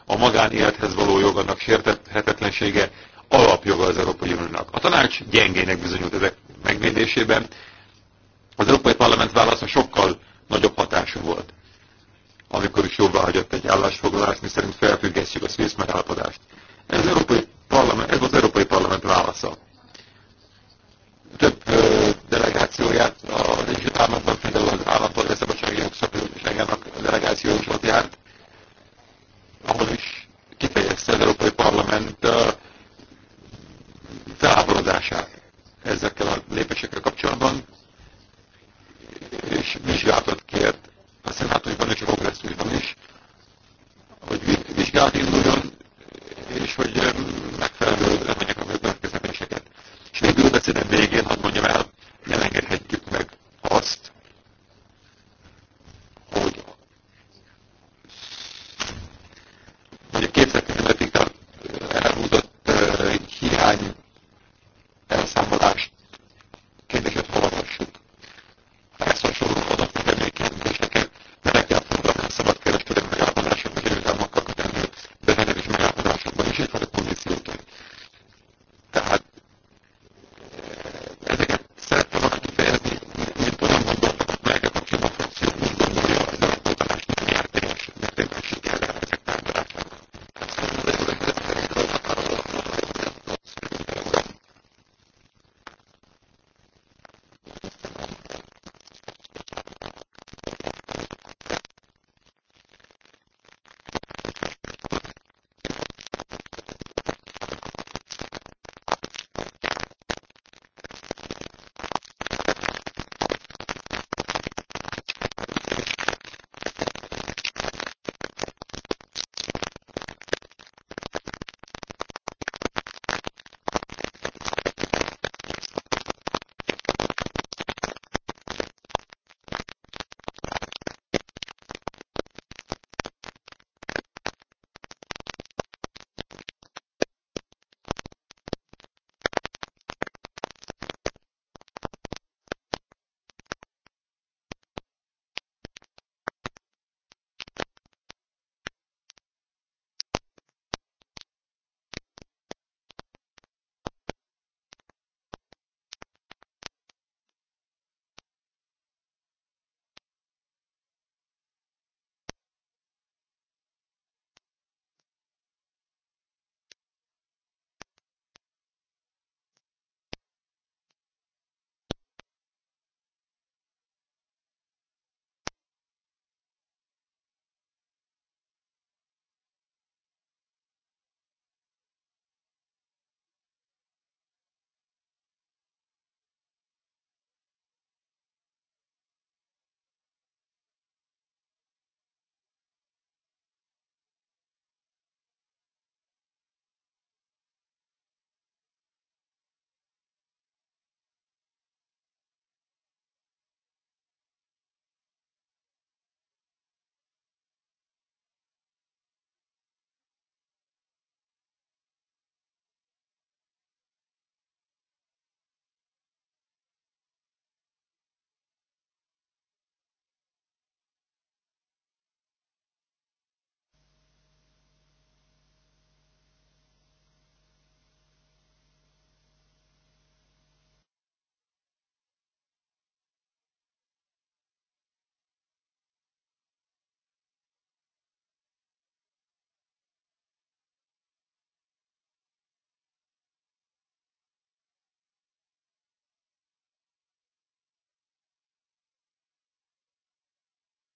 S2: A magánélethez való jog, annak sértethetetlensége alapjoga az Európai Uniónak. A tanács gyengének bizonyult ezek megvédésében. Az Európai Parlament válasza sokkal nagyobb hatású volt, amikor is jóvá hagyott egy állásfoglalást, szerint felfüggesztjük a Swiss megállapodást. Ez, Európai Parlament, ez az Európai Parlament
S1: válasza több delegációját a Egyesült például az állampolgári szabadsági jogszabadságának delegáció is ott járt, ahol is kifejezte az Európai Parlament felháborodását ezekkel a lépésekkel kapcsolatban, és vizsgálatot kért a szenátusban és a kongresszusban is, hogy vizsgálat induljon, és hogy megfelelő lemények a következtetéseket. És végül beszélem végig nem engedi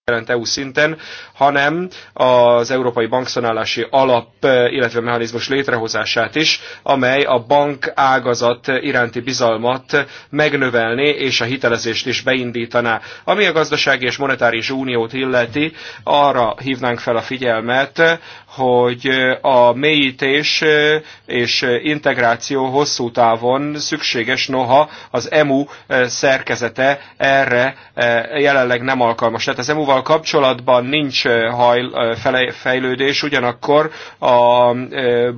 S3: jelent EU szinten, hanem az Európai Bankszonálási Alap, illetve mechanizmus létrehozását is, amely a bank ágazat iránti bizalmat megnövelni és a hitelezést is beindítaná. Ami a gazdasági és monetáris uniót illeti, arra hívnánk fel a figyelmet, hogy a mélyítés és integráció hosszú távon szükséges, noha az EMU szerkezete erre jelenleg nem alkalmas. Tehát az EMU-val Kínával kapcsolatban nincs hajl, fejlődés, ugyanakkor a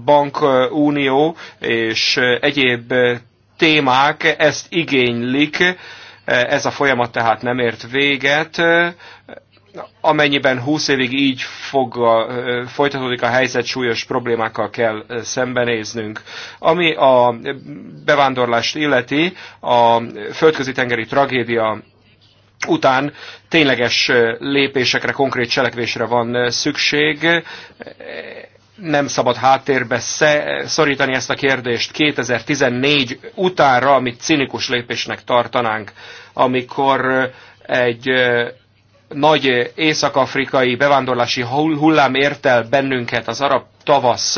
S3: bankunió és egyéb témák ezt igénylik, ez a folyamat tehát nem ért véget. Amennyiben 20 évig így fog a, folytatódik a helyzet, súlyos problémákkal kell szembenéznünk. Ami a bevándorlást illeti, a földközi tengeri tragédia után tényleges lépésekre, konkrét cselekvésre van szükség. Nem szabad háttérbe szorítani ezt a kérdést 2014 utánra, amit cinikus lépésnek tartanánk, amikor egy nagy észak-afrikai bevándorlási hullám ért el bennünket az arab tavasz,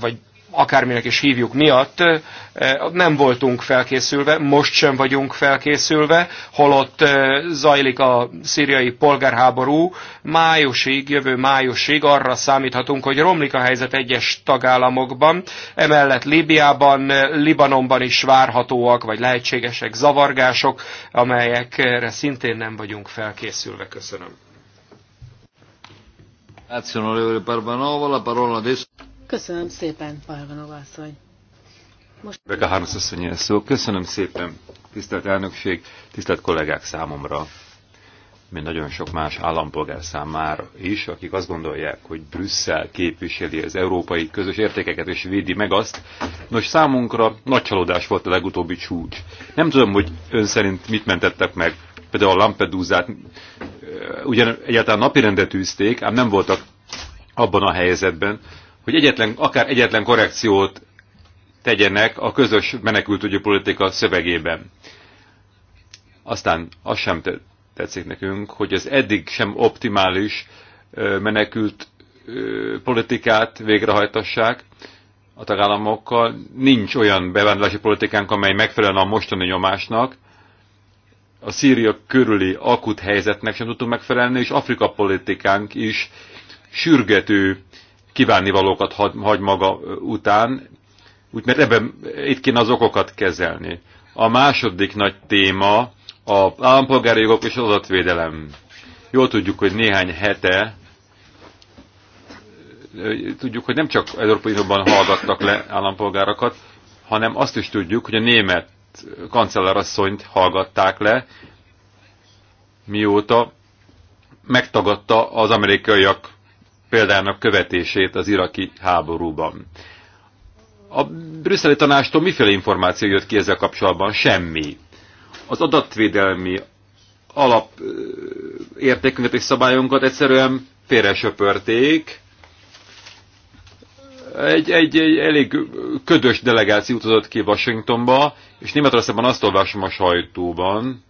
S3: vagy akárminek is hívjuk miatt, nem voltunk felkészülve, most sem vagyunk felkészülve, holott zajlik a szíriai polgárháború, májusig, jövő májusig arra számíthatunk, hogy romlik a helyzet egyes tagállamokban, emellett Líbiában, Libanonban is várhatóak, vagy lehetségesek zavargások, amelyekre szintén nem vagyunk felkészülve. Köszönöm.
S4: Köszönöm szépen, Parvanov asszony.
S1: Most...
S2: Rebecca Harms asszony szó. Köszönöm szépen, tisztelt elnökség, tisztelt kollégák számomra, mint nagyon sok más állampolgár számára is, akik azt gondolják, hogy Brüsszel képviseli az európai közös értékeket és védi meg azt. Nos, számunkra nagy csalódás volt a legutóbbi csúcs. Nem tudom, hogy ön szerint mit mentettek meg. Például a Lampedúzát, ugyan egyáltalán napirendet tűzték, ám nem voltak abban a helyzetben, hogy egyetlen, akár egyetlen korrekciót tegyenek a közös menekültügyi politika szövegében. Aztán az sem tetszik nekünk, hogy az eddig sem optimális menekült politikát végrehajtassák a tagállamokkal. Nincs olyan bevándorlási politikánk, amely megfelelően a mostani nyomásnak. A Szíria körüli akut helyzetnek sem tudtunk megfelelni, és Afrika politikánk is sürgető kívánivalókat hagy, hagy maga után, úgy, mert ebben itt kéne az okokat kezelni. A második nagy téma az állampolgári jogok és az adatvédelem. Jól tudjuk, hogy néhány hete tudjuk, hogy nem csak Európai Unióban hallgattak le állampolgárakat, hanem azt is tudjuk, hogy a német kancellárasszonyt hallgatták le, mióta megtagadta az amerikaiak példának követését az iraki háborúban. A brüsszeli tanástól miféle információ jött ki ezzel kapcsolatban? Semmi. Az adatvédelmi alap és szabályunkat egyszerűen félresöpörték. Egy, egy, egy elég ködös delegáció utazott ki Washingtonba, és Németországban azt olvasom a sajtóban,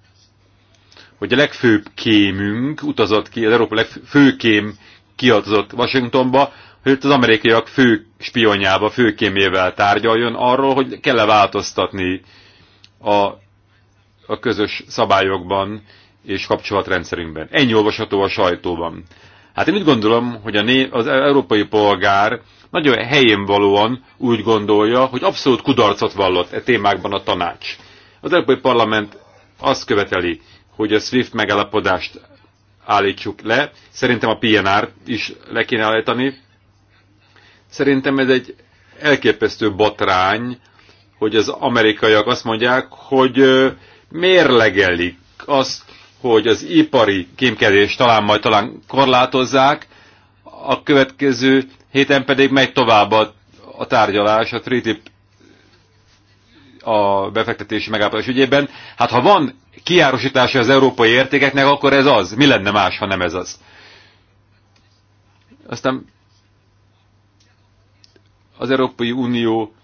S2: hogy a legfőbb kémünk utazott ki, az Európa legfőkém kiadzott Washingtonba, hogy az amerikaiak fő spionjába, kémével tárgyaljon arról, hogy kell-e változtatni a, a közös szabályokban és kapcsolatrendszerünkben. Ennyi olvasható a sajtóban. Hát én úgy gondolom, hogy a né az európai polgár nagyon helyén valóan úgy gondolja, hogy abszolút kudarcot vallott e témákban a tanács. Az Európai Parlament azt követeli, hogy a SWIFT megállapodást állítsuk le. Szerintem a pnr is le kéne állítani. Szerintem ez egy elképesztő botrány, hogy az amerikaiak azt mondják, hogy mérlegelik azt, hogy az ipari kémkedés talán majd talán korlátozzák, a következő héten pedig megy tovább a, a tárgyalás, a TTIP a befektetési megállapodás ügyében. Hát ha van kiárosítása az európai értékeknek, akkor ez az. Mi lenne más, ha nem ez az? Aztán az Európai Unió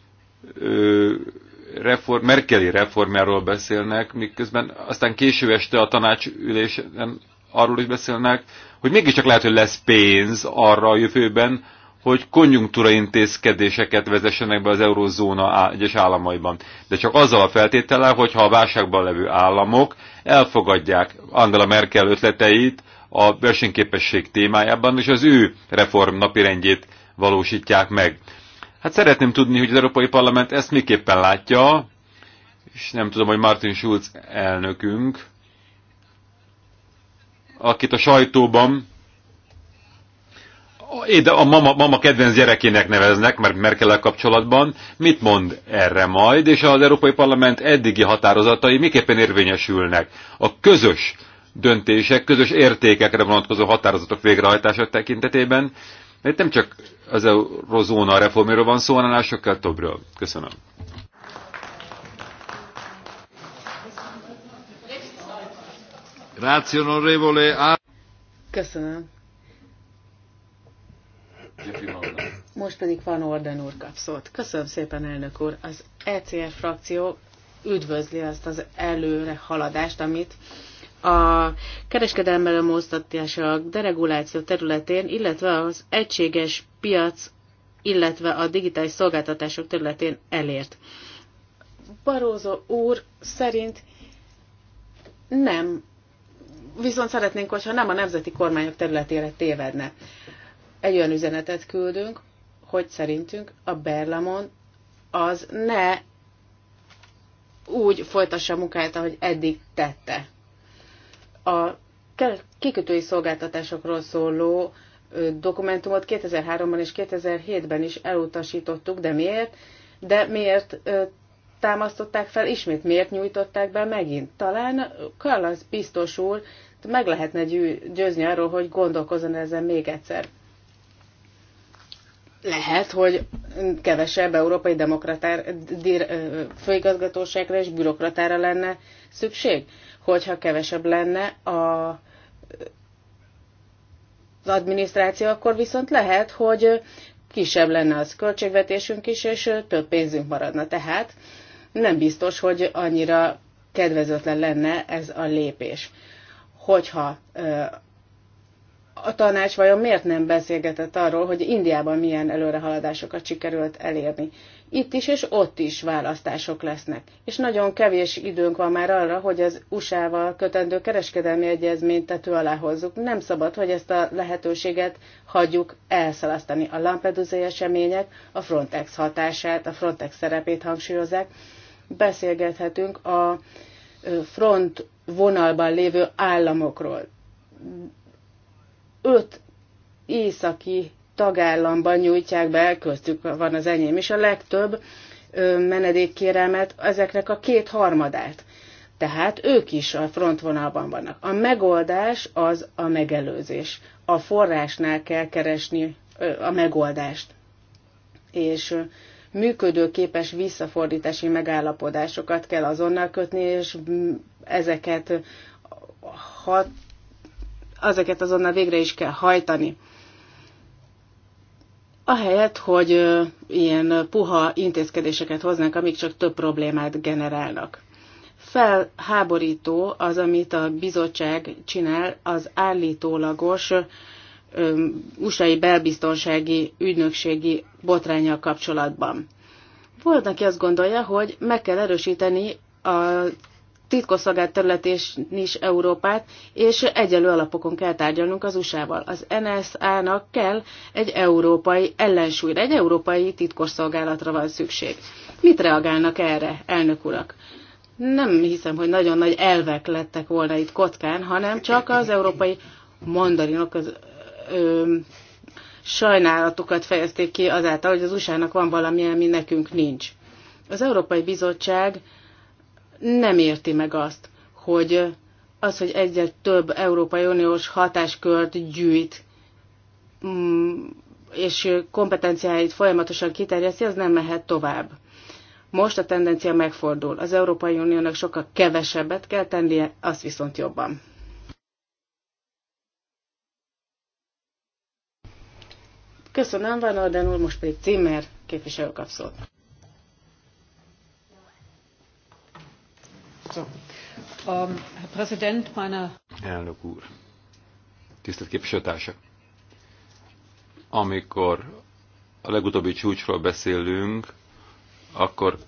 S2: reform, Merkeli reformjáról beszélnek, miközben aztán késő este a tanácsülésen arról is beszélnek, hogy mégiscsak lehet, hogy lesz pénz arra a jövőben, hogy konjunktúra intézkedéseket vezessenek be az eurozóna egyes államaiban. De csak azzal a feltétellel, hogyha a válságban levő államok elfogadják Angela Merkel ötleteit a versenyképesség témájában, és az ő reform napirendjét valósítják meg. Hát szeretném tudni, hogy az Európai Parlament ezt miképpen látja, és nem tudom, hogy Martin Schulz elnökünk, akit a sajtóban a mama, mama kedvenc gyerekének neveznek, mert merkel kapcsolatban, mit mond erre majd, és az Európai Parlament eddigi határozatai miképpen érvényesülnek a közös döntések, közös értékekre vonatkozó határozatok végrehajtása tekintetében, mert nem csak az eurozóna reformjáról van szó, hanem sokkal többről. Köszönöm.
S3: Köszönöm.
S4: Most pedig Van Orden úr kap szót. Köszönöm szépen, elnök úr. Az ECR frakció üdvözli azt az előre haladást, amit a kereskedelmel a a dereguláció területén, illetve az egységes piac, illetve a digitális szolgáltatások területén elért. Barózó úr szerint nem, viszont szeretnénk, hogyha nem a nemzeti kormányok területére tévedne egy olyan üzenetet küldünk, hogy szerintünk a Berlamon az ne úgy folytassa a munkáját, ahogy eddig tette. A kikötői szolgáltatásokról szóló dokumentumot 2003-ban és 2007-ben is elutasítottuk, de miért? De miért támasztották fel ismét? Miért nyújtották be megint? Talán Kallasz biztosul, meg lehetne győzni arról, hogy gondolkozzon ezen még egyszer lehet, hogy kevesebb európai demokratár, főigazgatóságra és bürokratára lenne szükség, hogyha kevesebb lenne a, az adminisztráció, akkor viszont lehet, hogy kisebb lenne az költségvetésünk is, és több pénzünk maradna. Tehát nem biztos, hogy annyira kedvezőtlen lenne ez a lépés. Hogyha a tanács vajon miért nem beszélgetett arról, hogy Indiában milyen előrehaladásokat sikerült elérni. Itt is és ott is választások lesznek. És nagyon kevés időnk van már arra, hogy az USA-val kötendő kereskedelmi egyezményt tető alá hozzuk. Nem szabad, hogy ezt a lehetőséget hagyjuk elszalasztani. A Lampedusa események a Frontex hatását, a Frontex szerepét hangsúlyozzák. Beszélgethetünk a front vonalban lévő államokról öt északi tagállamban nyújtják be, köztük van az enyém is, a legtöbb menedékkérelmet, ezeknek a két harmadát. Tehát ők is a frontvonalban vannak. A megoldás az a megelőzés. A forrásnál kell keresni a megoldást. És működőképes visszafordítási megállapodásokat kell azonnal kötni, és mm, ezeket hat, ezeket azonnal végre is kell hajtani. Ahelyett, hogy ilyen puha intézkedéseket hoznak, amik csak több problémát generálnak. Felháborító az, amit a bizottság csinál, az állítólagos USA-i belbiztonsági ügynökségi botránya kapcsolatban. Volt, aki azt gondolja, hogy meg kell erősíteni a titkosszolgált területén is Európát, és egyelő alapokon kell tárgyalnunk az USA-val. Az NSA-nak kell egy európai ellensúlyra, egy európai titkosszolgálatra van szükség. Mit reagálnak erre, elnök urak? Nem hiszem, hogy nagyon nagy elvek lettek volna itt kockán, hanem csak az európai mandarinok az, ö, sajnálatukat fejezték ki azáltal, hogy az USA-nak van valami, ami nekünk nincs. Az Európai Bizottság nem érti meg azt, hogy az, hogy egyre több Európai Uniós hatáskört gyűjt, mm, és kompetenciáit folyamatosan kiterjeszti, az nem mehet tovább. Most a tendencia megfordul. Az Európai Uniónak sokkal kevesebbet kell tennie, azt viszont jobban. Köszönöm, Van Orden úr, most pedig Cimmer képviselő kapszót.
S1: Um,
S2: Elnök úr, tisztelt képviselőtársak! Amikor a legutóbbi csúcsról beszélünk, akkor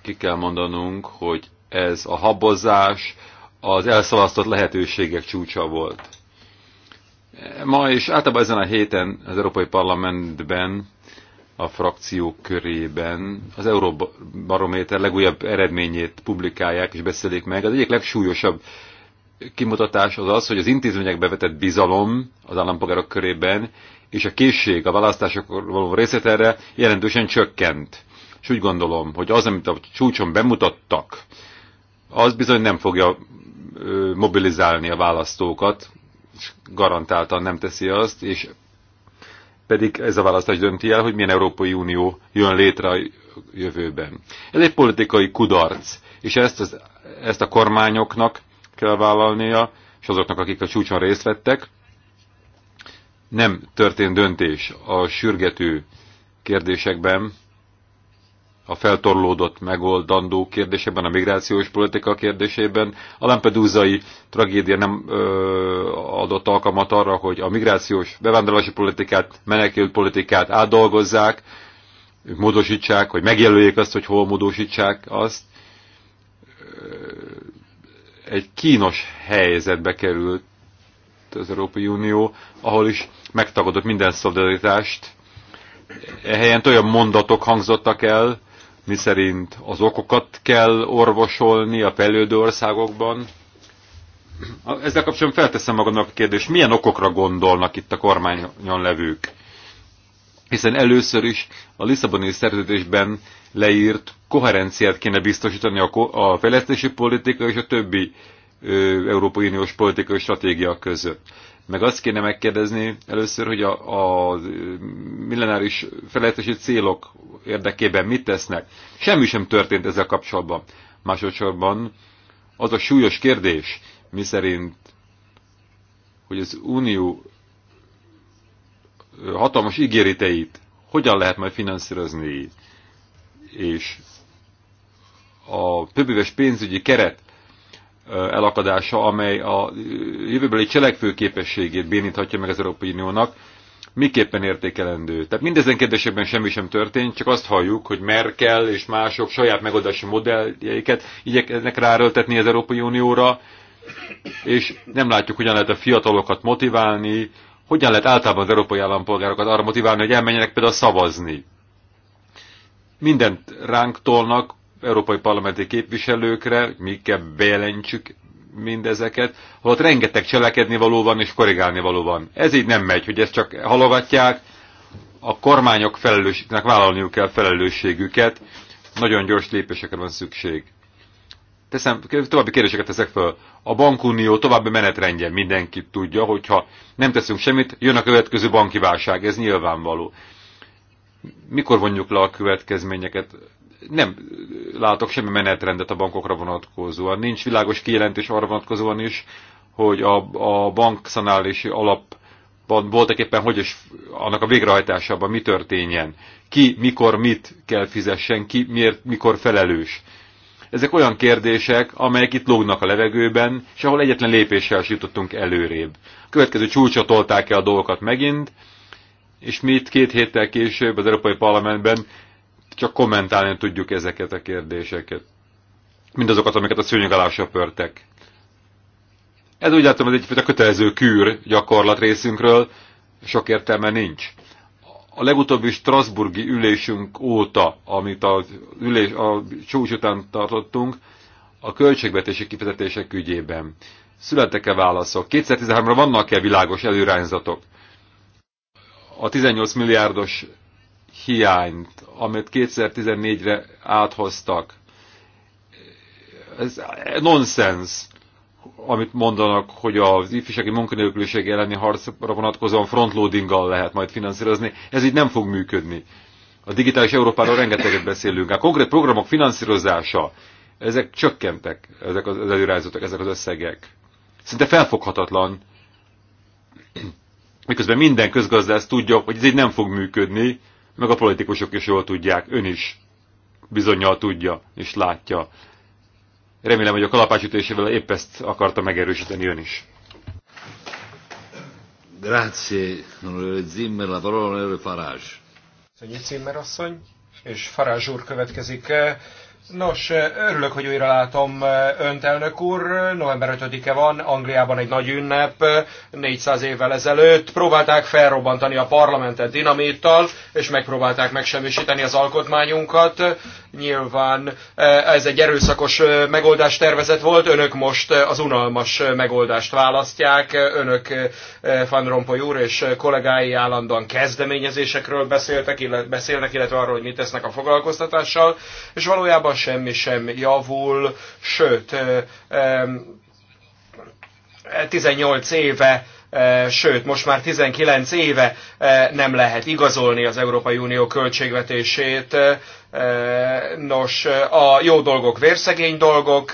S2: ki kell mondanunk, hogy ez a habozás az elszalasztott lehetőségek csúcsa volt. Ma és általában ezen a héten az Európai Parlamentben a frakciók körében az Euróbarométer legújabb eredményét publikálják és beszélik meg. Az egyik legsúlyosabb kimutatás az az, hogy az intézményekbe vetett bizalom az állampolgárok körében és a készség a választásokról való erre jelentősen csökkent. És úgy gondolom, hogy az, amit a csúcson bemutattak, az bizony nem fogja mobilizálni a választókat, és garantáltan nem teszi azt, és pedig ez a választás dönti el, hogy milyen Európai Unió jön létre a jövőben. Ez egy politikai kudarc, és ezt, az, ezt a kormányoknak kell vállalnia, és azoknak, akik a csúcson részt vettek. Nem történt döntés a sürgető kérdésekben, a feltorlódott megoldandó kérdésében, a migrációs politika kérdésében. A Lampedusai tragédia nem ö, adott alkalmat arra, hogy a migrációs bevándorlási politikát, menekült politikát átdolgozzák, módosítsák, hogy megjelöljék azt, hogy hol módosítsák azt. Egy kínos helyzetbe került az Európai Unió, ahol is megtagadott minden szolidaritást. E helyen olyan mondatok hangzottak el, miszerint az okokat kell orvosolni a fejlődő országokban. Ezzel kapcsolatban felteszem magamnak a kérdést, milyen okokra gondolnak itt a kormányon levők? Hiszen először is a Lisszaboni szerződésben leírt koherenciát kéne biztosítani a, a fejlesztési politika és a többi Európai Uniós politikai stratégia között. Meg azt kéne megkérdezni először, hogy a, a millenáris felejtési célok érdekében mit tesznek. Semmi sem történt ezzel kapcsolatban. Másodszorban az a súlyos kérdés, miszerint, hogy az unió hatalmas ígéreteit hogyan lehet majd finanszírozni, és a többéves pénzügyi keret elakadása, amely a jövőbeli cselekvő képességét béníthatja meg az Európai Uniónak, miképpen értékelendő. Tehát mindezen kérdésekben semmi sem történt, csak azt halljuk, hogy Merkel és mások saját megoldási modelljeiket igyekeznek ráöltetni az Európai Unióra, és nem látjuk, hogyan lehet a fiatalokat motiválni, hogyan lehet általában az európai állampolgárokat arra motiválni, hogy elmenjenek például szavazni. Mindent ránk tolnak, európai parlamenti képviselőkre, mi kell bejelentsük mindezeket, holott rengeteg cselekedni való van és korrigálni való van. Ez így nem megy, hogy ezt csak halogatják, a kormányok felelősségnek vállalniuk kell felelősségüket, nagyon gyors lépésekre van szükség. Teszem, további kérdéseket teszek fel. A bankunió további menetrendje mindenki tudja, hogyha nem teszünk semmit, jön a következő banki válság, ez nyilvánvaló. Mikor vonjuk le a következményeket nem látok semmi menetrendet a bankokra vonatkozóan. Nincs világos kijelentés arra vonatkozóan is, hogy a, a bankszanálési alapban voltak éppen hogy is annak a végrehajtásában mi történjen, ki mikor mit kell fizessen, ki miért mikor felelős. Ezek olyan kérdések, amelyek itt lógnak a levegőben, és ahol egyetlen lépéssel jutottunk előrébb. A következő csúcsot tolták el a dolgokat megint, és mi itt két héttel később az Európai Parlamentben csak kommentálni tudjuk ezeket a kérdéseket. Mindazokat, amiket a szőnyeg alá söpörtek. Ez úgy látom, ez a kötelező kűr gyakorlat részünkről, sok értelme nincs. A legutóbbi Strasburgi ülésünk óta, amit a, ülés, a csúcs után tartottunk, a költségvetési kifizetések ügyében. Születtek-e válaszok? 2013-ra vannak-e világos előrányzatok? A 18 milliárdos hiányt, amit 2014-re áthoztak. Ez nonsens, amit mondanak, hogy az ifjúsági munkanélküliség elleni harcra vonatkozóan frontloadinggal lehet majd finanszírozni. Ez így nem fog működni. A digitális Európáról rengeteget beszélünk. A konkrét programok finanszírozása, ezek csökkentek, ezek az előrázatok, ezek az összegek. Szinte felfoghatatlan, miközben minden közgazdász tudja, hogy ez így nem fog működni, meg a politikusok is jól tudják, ön is bizonyal tudja és látja. Remélem, hogy a kalapácsütésével épp ezt akarta megerősíteni ön is. Grazie, onorevole Zimmer, la parola onorevole Farage.
S3: Köszönjük, Zimmer asszony, és Farage úr következik. Eh, Nos, eh, örülök, hogy újra látom eh, önt, elnök úr. November 5-e van, Angliában egy nagy ünnep, 400 eh, évvel ezelőtt. Próbálták felrobbantani a parlamentet dinamittal, és megpróbálták megsemmisíteni az alkotmányunkat. Nyilván eh, ez egy erőszakos eh, megoldás tervezet volt, önök most eh, az unalmas megoldást választják, önök Van Rompuy úr és kollégái állandóan kezdeményezésekről beszéltek, illetve, beszélnek, illetve arról, hogy mit tesznek a foglalkoztatással, és valójában semmi sem javul, sőt, 18 éve E, sőt, most már 19 éve e, nem lehet igazolni az Európai Unió költségvetését. E, nos, a jó dolgok vérszegény dolgok,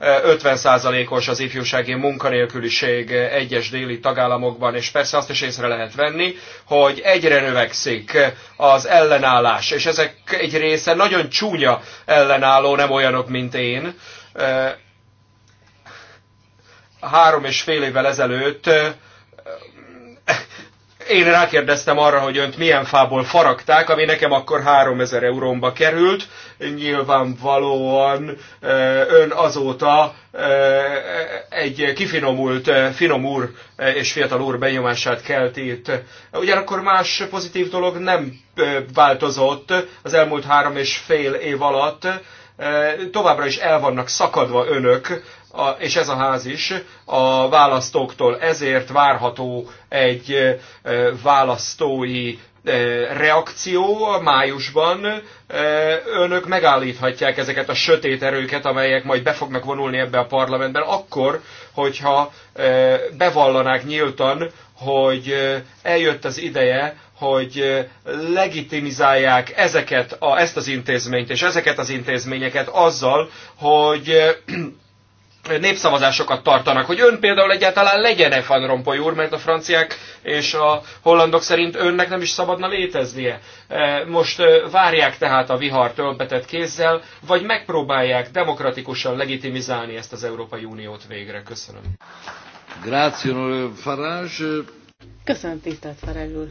S3: 50%-os az ifjúsági munkanélküliség egyes déli tagállamokban, és persze azt is észre lehet venni, hogy egyre növekszik az ellenállás, és ezek egy része nagyon csúnya ellenálló, nem olyanok, mint én, három és fél évvel ezelőtt én rákérdeztem arra, hogy önt milyen fából faragták, ami nekem akkor 3000 eurómba került. Nyilvánvalóan ön azóta egy kifinomult finom úr és fiatal úr benyomását kelt itt. Ugyanakkor más pozitív dolog nem változott az elmúlt három és fél év alatt. Továbbra is el vannak szakadva önök a, és ez a ház is a választóktól. Ezért várható egy választói reakció májusban önök megállíthatják ezeket a sötét erőket, amelyek majd be fognak vonulni ebbe a parlamentben, akkor, hogyha bevallanák nyíltan, hogy eljött az ideje, hogy legitimizálják ezeket a, ezt az intézményt és ezeket az intézményeket azzal, hogy népszavazásokat tartanak, hogy ön például egyáltalán legyen-e Van Rompuy úr, mert a franciák és a hollandok szerint önnek nem is szabadna léteznie. E, most e, várják tehát a vihar tölbetett kézzel, vagy megpróbálják demokratikusan legitimizálni ezt az Európai Uniót végre. Köszönöm. Köszönöm, tisztelt Farage úr.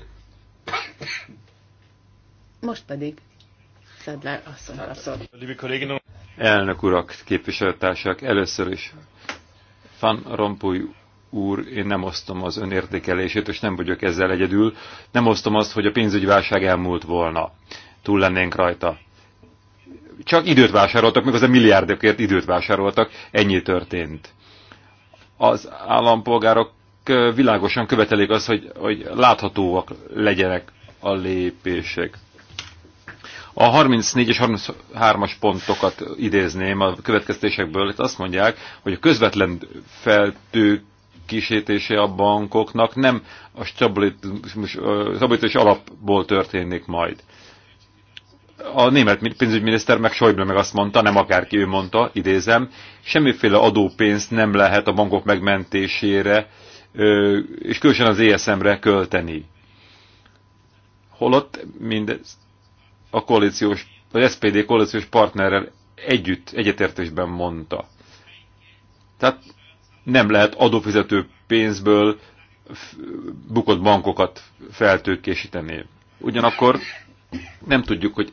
S4: Most pedig Szedler asszony kapszott.
S2: Elnök urak, képviselőtársak, először is Van Rompuy úr, én nem osztom az önértékelését, és nem vagyok ezzel egyedül. Nem osztom azt, hogy a pénzügyi válság elmúlt volna. Túl lennénk rajta. Csak időt vásároltak, meg az a milliárdokért időt vásároltak, ennyi történt. Az állampolgárok világosan követelik azt, hogy, hogy láthatóak legyenek a lépések. A 34 és 33-as pontokat idézném a következtésekből. Itt azt mondják, hogy a közvetlen feltő kísértése a bankoknak nem a stabilitás alapból történik majd. A német pénzügyminiszter meg Schäuble meg azt mondta, nem akárki ő mondta, idézem, semmiféle adópénzt nem lehet a bankok megmentésére és különösen az ESM-re költeni. Holott mindez a koalíciós, az SPD koalíciós partnerrel együtt, egyetértésben mondta. Tehát nem lehet adófizető pénzből bukott bankokat feltőkésíteni. Ugyanakkor nem tudjuk, hogy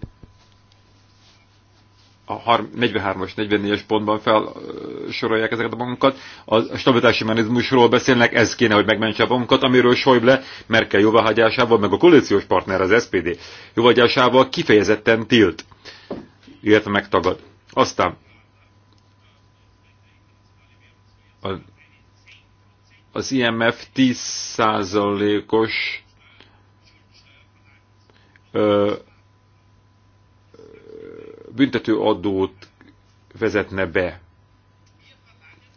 S2: a 43-as, 44-es pontban felsorolják ezeket a bankokat, a stabilitási mechanizmusról beszélnek, ez kéne, hogy megmentse a bankokat, amiről Schäuble Merkel jóváhagyásával, meg a koalíciós partner az SPD jóváhagyásával kifejezetten tilt, illetve megtagad. Aztán a, az IMF 10%-os büntetőadót adót vezetne be.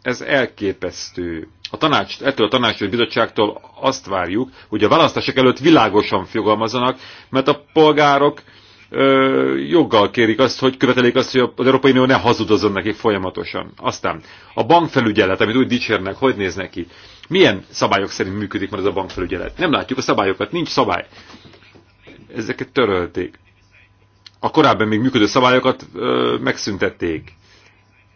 S2: Ez elképesztő. A tanács, ettől a tanácsot bizottságtól azt várjuk, hogy a választások előtt világosan fogalmazanak, mert a polgárok ö, joggal kérik azt, hogy követelik azt, hogy az Európai Unió ne hazudozzon nekik folyamatosan. Aztán a bankfelügyelet, amit úgy dicsérnek, hogy néz neki? Milyen szabályok szerint működik már ez a bankfelügyelet? Nem látjuk a szabályokat, nincs szabály. Ezeket törölték a korábban még működő szabályokat ö, megszüntették.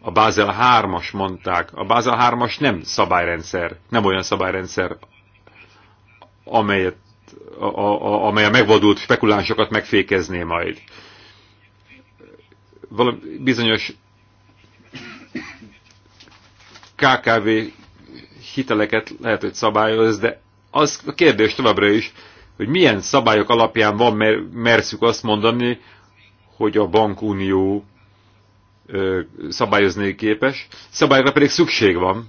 S2: A Bázel 3-as mondták. A Bázel 3-as nem szabályrendszer, nem olyan szabályrendszer, amelyet, a, a, a, amely a megvadult spekulánsokat megfékezné majd. Valami bizonyos KKV hiteleket lehet, hogy szabályoz, de az a kérdés továbbra is, hogy milyen szabályok alapján van mert merszük azt mondani, hogy a bankunió szabályozni képes, szabályra pedig szükség van,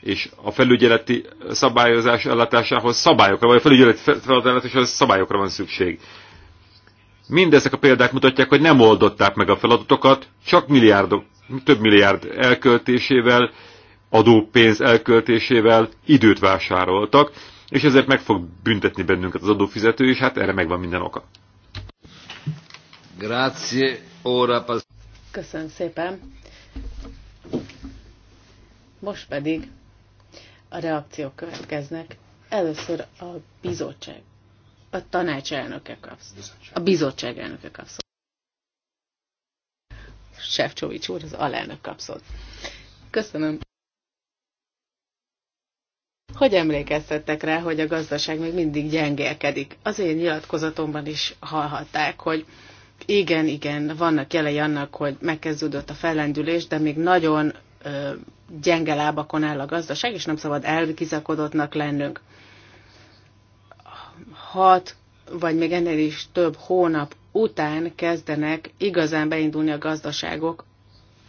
S2: és a felügyeleti szabályozás ellátásához szabályokra, vagy a felügyeleti feladatásához szabályokra van szükség. Mindezek a példák mutatják, hogy nem oldották meg a feladatokat, csak milliárdok, több milliárd elköltésével, adópénz elköltésével időt vásároltak, és ezért meg fog büntetni bennünket az adófizető, és hát erre megvan minden oka.
S1: Grazie, ora Köszönöm
S4: szépen. Most pedig a reakciók következnek. Először a bizottság, a tanács elnöke kapsz. A bizottság elnöke kapsz. Sefcsovics úr, az alelnök kapszott. Köszönöm. Hogy emlékeztettek rá, hogy a gazdaság még mindig gyengélkedik? Az én nyilatkozatomban is hallhatták, hogy igen, igen, vannak jelei annak, hogy megkezdődött a fellendülés, de még nagyon ö, gyenge lábakon áll a gazdaság, és nem szabad elkizakodottnak lennünk. Hat, vagy még ennél is több hónap után kezdenek igazán beindulni a gazdaságok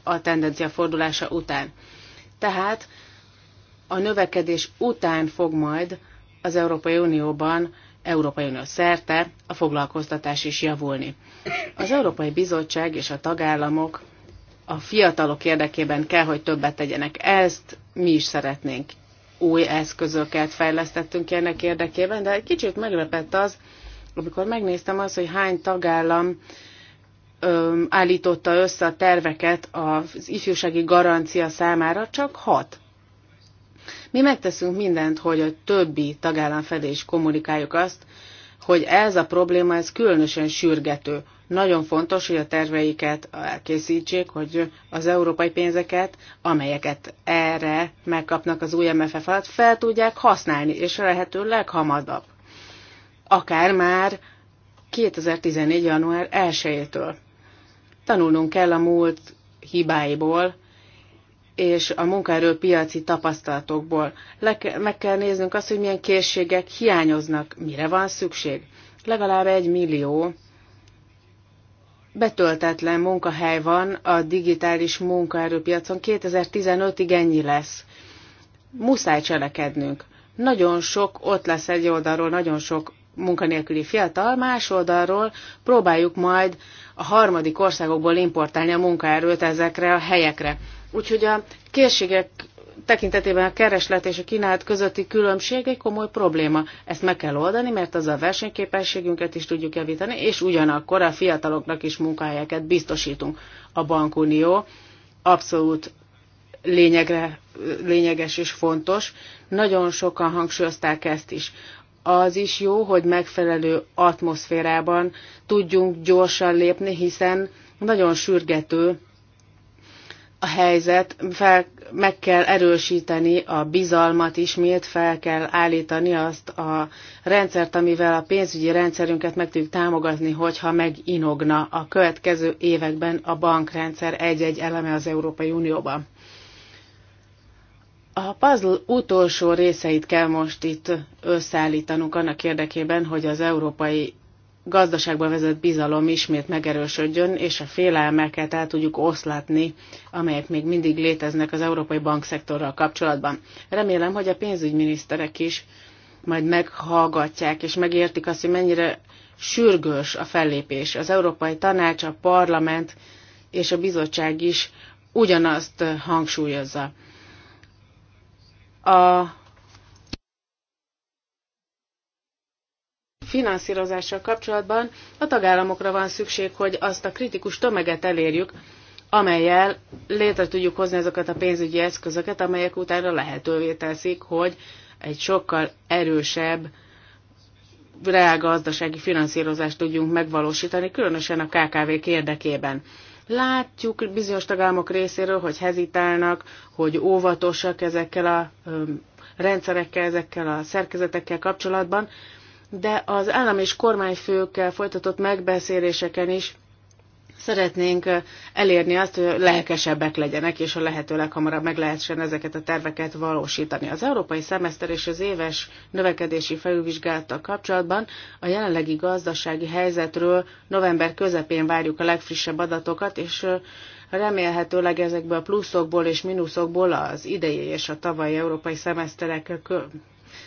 S4: a tendencia fordulása után. Tehát a növekedés után fog majd az Európai Unióban Európai Unió szerte a foglalkoztatás is javulni. Az Európai Bizottság és a tagállamok a fiatalok érdekében kell, hogy többet tegyenek. Ezt mi is szeretnénk. Új eszközöket fejlesztettünk ennek érdekében, de egy kicsit meglepett az, amikor megnéztem azt, hogy hány tagállam öm, állította össze a terveket az ifjúsági garancia számára, csak hat. Mi megteszünk mindent, hogy a többi tagállam felé is kommunikáljuk azt, hogy ez a probléma, ez különösen sürgető. Nagyon fontos, hogy a terveiket elkészítsék, hogy az európai pénzeket, amelyeket erre megkapnak az új MFF alatt, fel tudják használni, és lehető leghamarabb. Akár már 2014. január 1-től. Tanulnunk kell a múlt hibáiból, és a piaci tapasztalatokból. Le, meg kell néznünk azt, hogy milyen készségek hiányoznak, mire van szükség. Legalább egy millió betöltetlen munkahely van a digitális munkaerőpiacon. 2015-ig ennyi lesz. Muszáj cselekednünk. Nagyon sok, ott lesz egy oldalról, nagyon sok munkanélküli fiatal, más oldalról próbáljuk majd a harmadik országokból importálni a munkaerőt ezekre a helyekre. Úgyhogy a készségek tekintetében a kereslet és a kínálat közötti különbség egy komoly probléma. Ezt meg kell oldani, mert az a versenyképességünket is tudjuk javítani, és ugyanakkor a fiataloknak is munkahelyeket biztosítunk. A bankunió abszolút lényegre, lényeges és fontos. Nagyon sokan hangsúlyozták ezt is. Az is jó, hogy megfelelő atmoszférában tudjunk gyorsan lépni, hiszen nagyon sürgető a helyzet, fel, meg kell erősíteni a bizalmat ismét, fel kell állítani azt a rendszert, amivel a pénzügyi rendszerünket meg tudjuk támogatni, hogyha meginogna a következő években a bankrendszer egy-egy eleme az Európai Unióban. A puzzle utolsó részeit kell most itt összeállítanunk annak érdekében, hogy az európai gazdaságba vezet bizalom ismét megerősödjön, és a félelmeket el tudjuk oszlatni, amelyek még mindig léteznek az európai bankszektorral kapcsolatban. Remélem, hogy a pénzügyminiszterek is majd meghallgatják és megértik azt, hogy mennyire sürgős a fellépés. Az Európai Tanács, a Parlament és a Bizottság is ugyanazt hangsúlyozza. A finanszírozással kapcsolatban a tagállamokra van szükség, hogy azt a kritikus tömeget elérjük, amelyel létre tudjuk hozni azokat a pénzügyi eszközöket, amelyek utána lehetővé teszik, hogy egy sokkal erősebb reálgazdasági finanszírozást tudjunk megvalósítani, különösen a KKV-k érdekében. Látjuk bizonyos tagállamok részéről, hogy hezitálnak, hogy óvatosak ezekkel a rendszerekkel, ezekkel a szerkezetekkel kapcsolatban, de az állam és kormányfőkkel folytatott megbeszéléseken is szeretnénk elérni azt, hogy lelkesebbek legyenek, és a lehető leghamarabb meg lehessen ezeket a terveket valósítani. Az európai szemeszter és az éves növekedési felülvizsgálattal kapcsolatban a jelenlegi gazdasági helyzetről november közepén várjuk a legfrissebb adatokat, és remélhetőleg ezekből a pluszokból és mínuszokból az idei és a tavalyi európai szemeszterek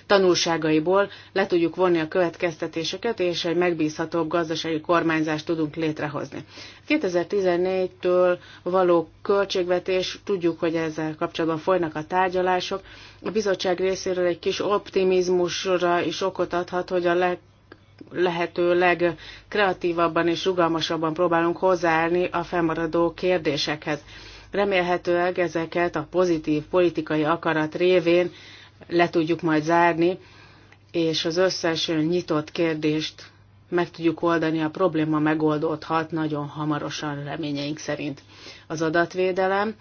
S4: tanulságaiból le tudjuk vonni a következtetéseket, és egy megbízhatóbb gazdasági kormányzást tudunk létrehozni. 2014-től való költségvetés, tudjuk, hogy ezzel kapcsolatban folynak a tárgyalások. A bizottság részéről egy kis optimizmusra is okot adhat, hogy a leg lehető legkreatívabban és rugalmasabban próbálunk hozzáállni a fennmaradó kérdésekhez. Remélhetőleg ezeket a pozitív politikai akarat révén le tudjuk majd zárni, és az összes nyitott kérdést meg tudjuk oldani, a probléma megoldódhat nagyon hamarosan reményeink szerint. Az adatvédelem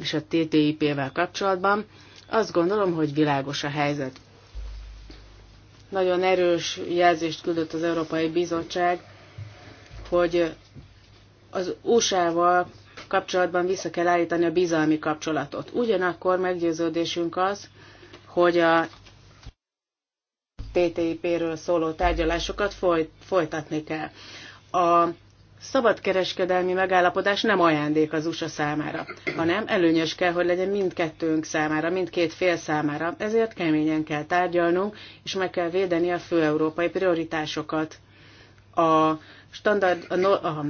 S4: és a TTIP-vel kapcsolatban azt gondolom, hogy világos a helyzet. Nagyon erős jelzést küldött az Európai Bizottság, hogy az USA-val kapcsolatban vissza kell állítani a bizalmi kapcsolatot. Ugyanakkor meggyőződésünk az, hogy a TTIP-ről szóló tárgyalásokat foly, folytatni kell. A szabadkereskedelmi megállapodás nem ajándék az USA számára, hanem előnyös kell, hogy legyen mindkettőnk számára, mindkét fél számára, ezért keményen kell tárgyalnunk, és meg kell védeni a főeurópai prioritásokat. A standard, a, no, a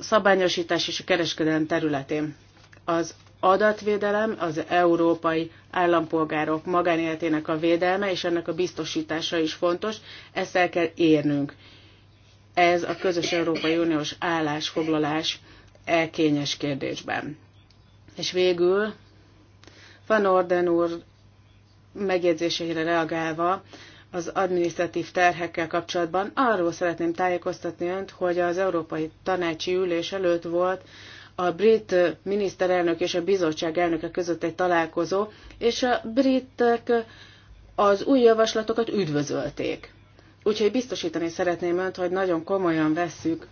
S4: szabályosítás és a kereskedelem területén. Az adatvédelem az európai állampolgárok magánéletének a védelme és ennek a biztosítása is fontos, ezt el kell érnünk. Ez a közös Európai Uniós állásfoglalás elkényes kérdésben. És végül Van Orden úr megjegyzésére reagálva az adminisztratív terhekkel kapcsolatban arról szeretném tájékoztatni önt, hogy az Európai Tanácsi Ülés előtt volt a brit miniszterelnök és a bizottság elnöke között egy találkozó, és a britek az új javaslatokat üdvözölték. Úgyhogy biztosítani szeretném önt, hogy nagyon komolyan vesszük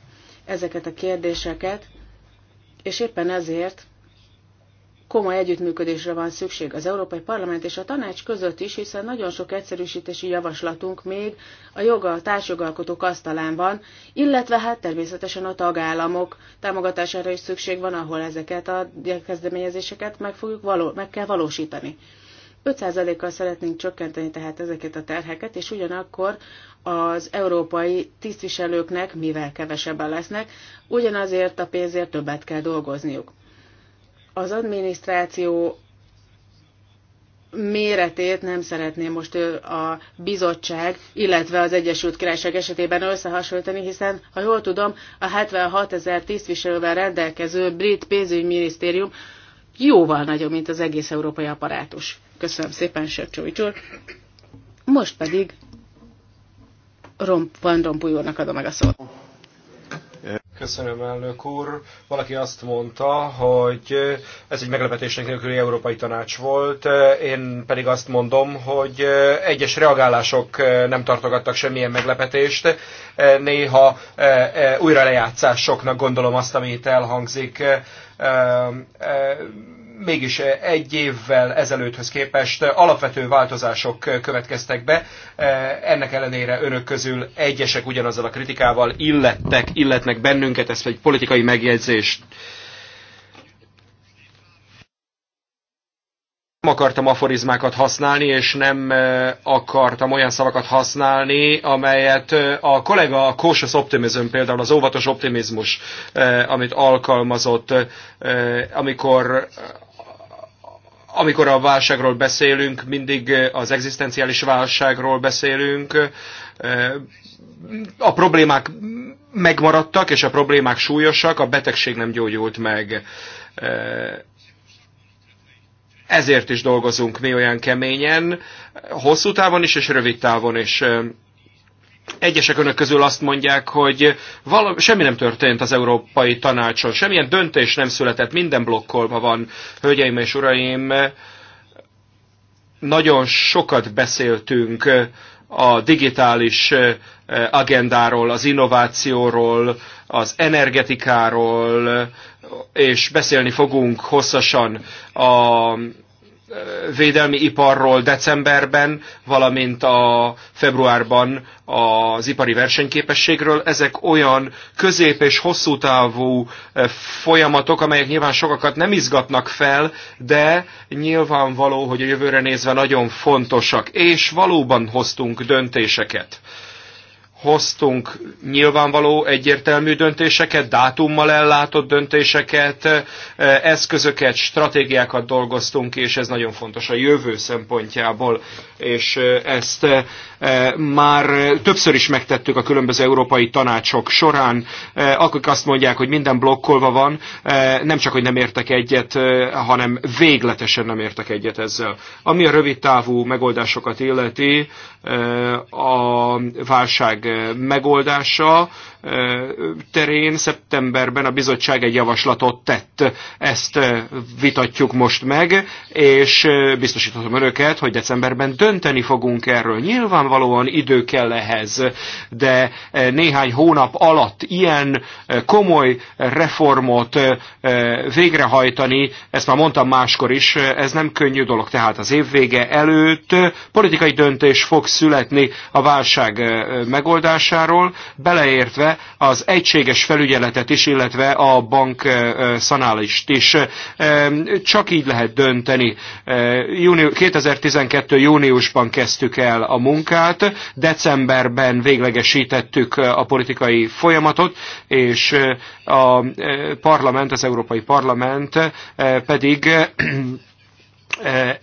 S4: ezeket a kérdéseket, és éppen ezért komoly együttműködésre van szükség az Európai Parlament és a Tanács között is, hiszen nagyon sok egyszerűsítési javaslatunk még a joga, a társjogalkotók asztalán van, illetve hát természetesen a tagállamok támogatására is szükség van, ahol ezeket a kezdeményezéseket meg, fogjuk való, meg kell valósítani. 5%-kal szeretnénk csökkenteni tehát ezeket a terheket, és ugyanakkor az európai tisztviselőknek, mivel kevesebben lesznek, ugyanazért a pénzért többet kell dolgozniuk. Az adminisztráció méretét nem szeretném most a bizottság, illetve az Egyesült Királyság esetében összehasonlítani, hiszen, ha jól tudom, a 76 ezer tisztviselővel rendelkező brit pénzügyminisztérium jóval nagyobb, mint az egész európai apparátus. Köszönöm szépen, Sörcsovics úr. Most pedig Romp, Van Rompuy adom meg a
S3: szót. Köszönöm, elnök úr. Valaki azt mondta, hogy ez egy meglepetésnek nélküli európai tanács volt, én pedig azt mondom, hogy egyes reagálások nem tartogattak semmilyen meglepetést. Néha e, e, újra lejátszásoknak gondolom azt, amit elhangzik e, mégis egy évvel ezelőtthöz képest alapvető változások következtek be. Ennek ellenére önök közül egyesek ugyanazzal a kritikával illettek, illetnek bennünket, ez egy politikai megjegyzés. nem akartam aforizmákat használni, és nem akartam olyan szavakat használni, amelyet a kollega a cautious optimism, például az óvatos optimizmus, amit alkalmazott, amikor amikor a válságról beszélünk, mindig az egzisztenciális válságról beszélünk. A problémák megmaradtak, és a problémák súlyosak, a betegség nem gyógyult meg. Ezért is dolgozunk mi olyan keményen, hosszú távon is, és rövid távon is. Egyesek önök közül azt mondják, hogy valami, semmi nem történt az Európai Tanácson, semmilyen döntés nem született, minden blokkolva van, hölgyeim és uraim. Nagyon sokat beszéltünk a digitális eh, agendáról, az innovációról, az energetikáról, és beszélni fogunk hosszasan a védelmi iparról decemberben, valamint a februárban az ipari versenyképességről. Ezek olyan közép- és hosszú távú eh, folyamatok, amelyek nyilván sokakat nem izgatnak fel, de nyilvánvaló, hogy a jövőre nézve nagyon fontosak, és valóban hoztunk döntéseket hoztunk nyilvánvaló egyértelmű döntéseket, dátummal ellátott döntéseket, eh, eszközöket, stratégiákat dolgoztunk, és ez nagyon fontos a jövő szempontjából, és eh, ezt eh, már többször is megtettük a különböző európai tanácsok során, akik azt mondják, hogy minden blokkolva van, nem csak, hogy nem értek egyet, hanem végletesen nem értek egyet ezzel. Ami a rövid távú megoldásokat illeti, a válság megoldása terén szeptemberben a bizottság egy javaslatot tett. Ezt vitatjuk most meg, és biztosíthatom önöket, hogy decemberben dönteni fogunk erről. Nyilvánvalóan idő kell ehhez, de néhány hónap alatt ilyen komoly reformot végrehajtani, ezt már mondtam máskor is, ez nem könnyű dolog. Tehát az év előtt politikai döntés fog születni a válság megoldására, megoldásáról, beleértve az egységes felügyeletet is, illetve a bank szanálist is. Csak így lehet dönteni. 2012. júniusban kezdtük el a munkát, decemberben véglegesítettük a politikai folyamatot, és a parlament, az Európai Parlament pedig vég, eh, eh,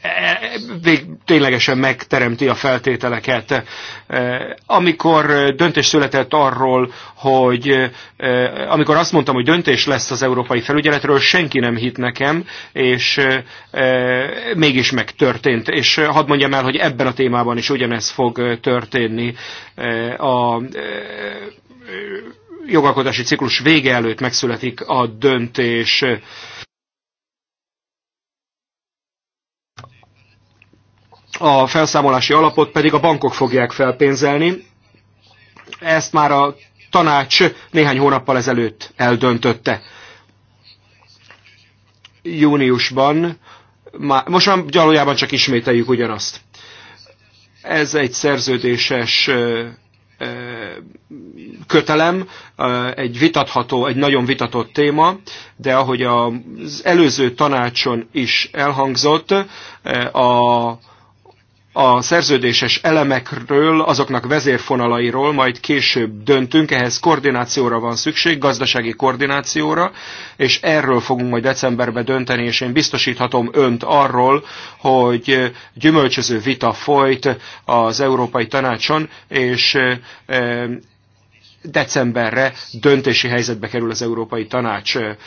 S3: eh, ténylegesen megteremti a feltételeket. Amikor döntés született arról, hogy amikor azt mondtam, hogy döntés lesz az európai felügyeletről, senki nem hitt nekem, és mégis megtörtént. És hadd mondjam el, hogy ebben a témában is ugyanez fog történni. A jogalkotási ciklus vége előtt megszületik a döntés a felszámolási alapot pedig a bankok fogják felpénzelni. Ezt már a tanács néhány hónappal ezelőtt eldöntötte. Júniusban, most már gyalójában csak ismételjük ugyanazt. Ez egy szerződéses kötelem, egy vitatható, egy nagyon vitatott téma, de ahogy az előző tanácson is elhangzott, a a szerződéses elemekről, azoknak vezérfonalairól majd később döntünk, ehhez koordinációra van szükség, gazdasági koordinációra, és erről fogunk majd decemberben dönteni, és én biztosíthatom önt arról, hogy gyümölcsöző vita folyt az Európai Tanácson, és e, decemberre döntési helyzetbe kerül az Európai Tanács. E,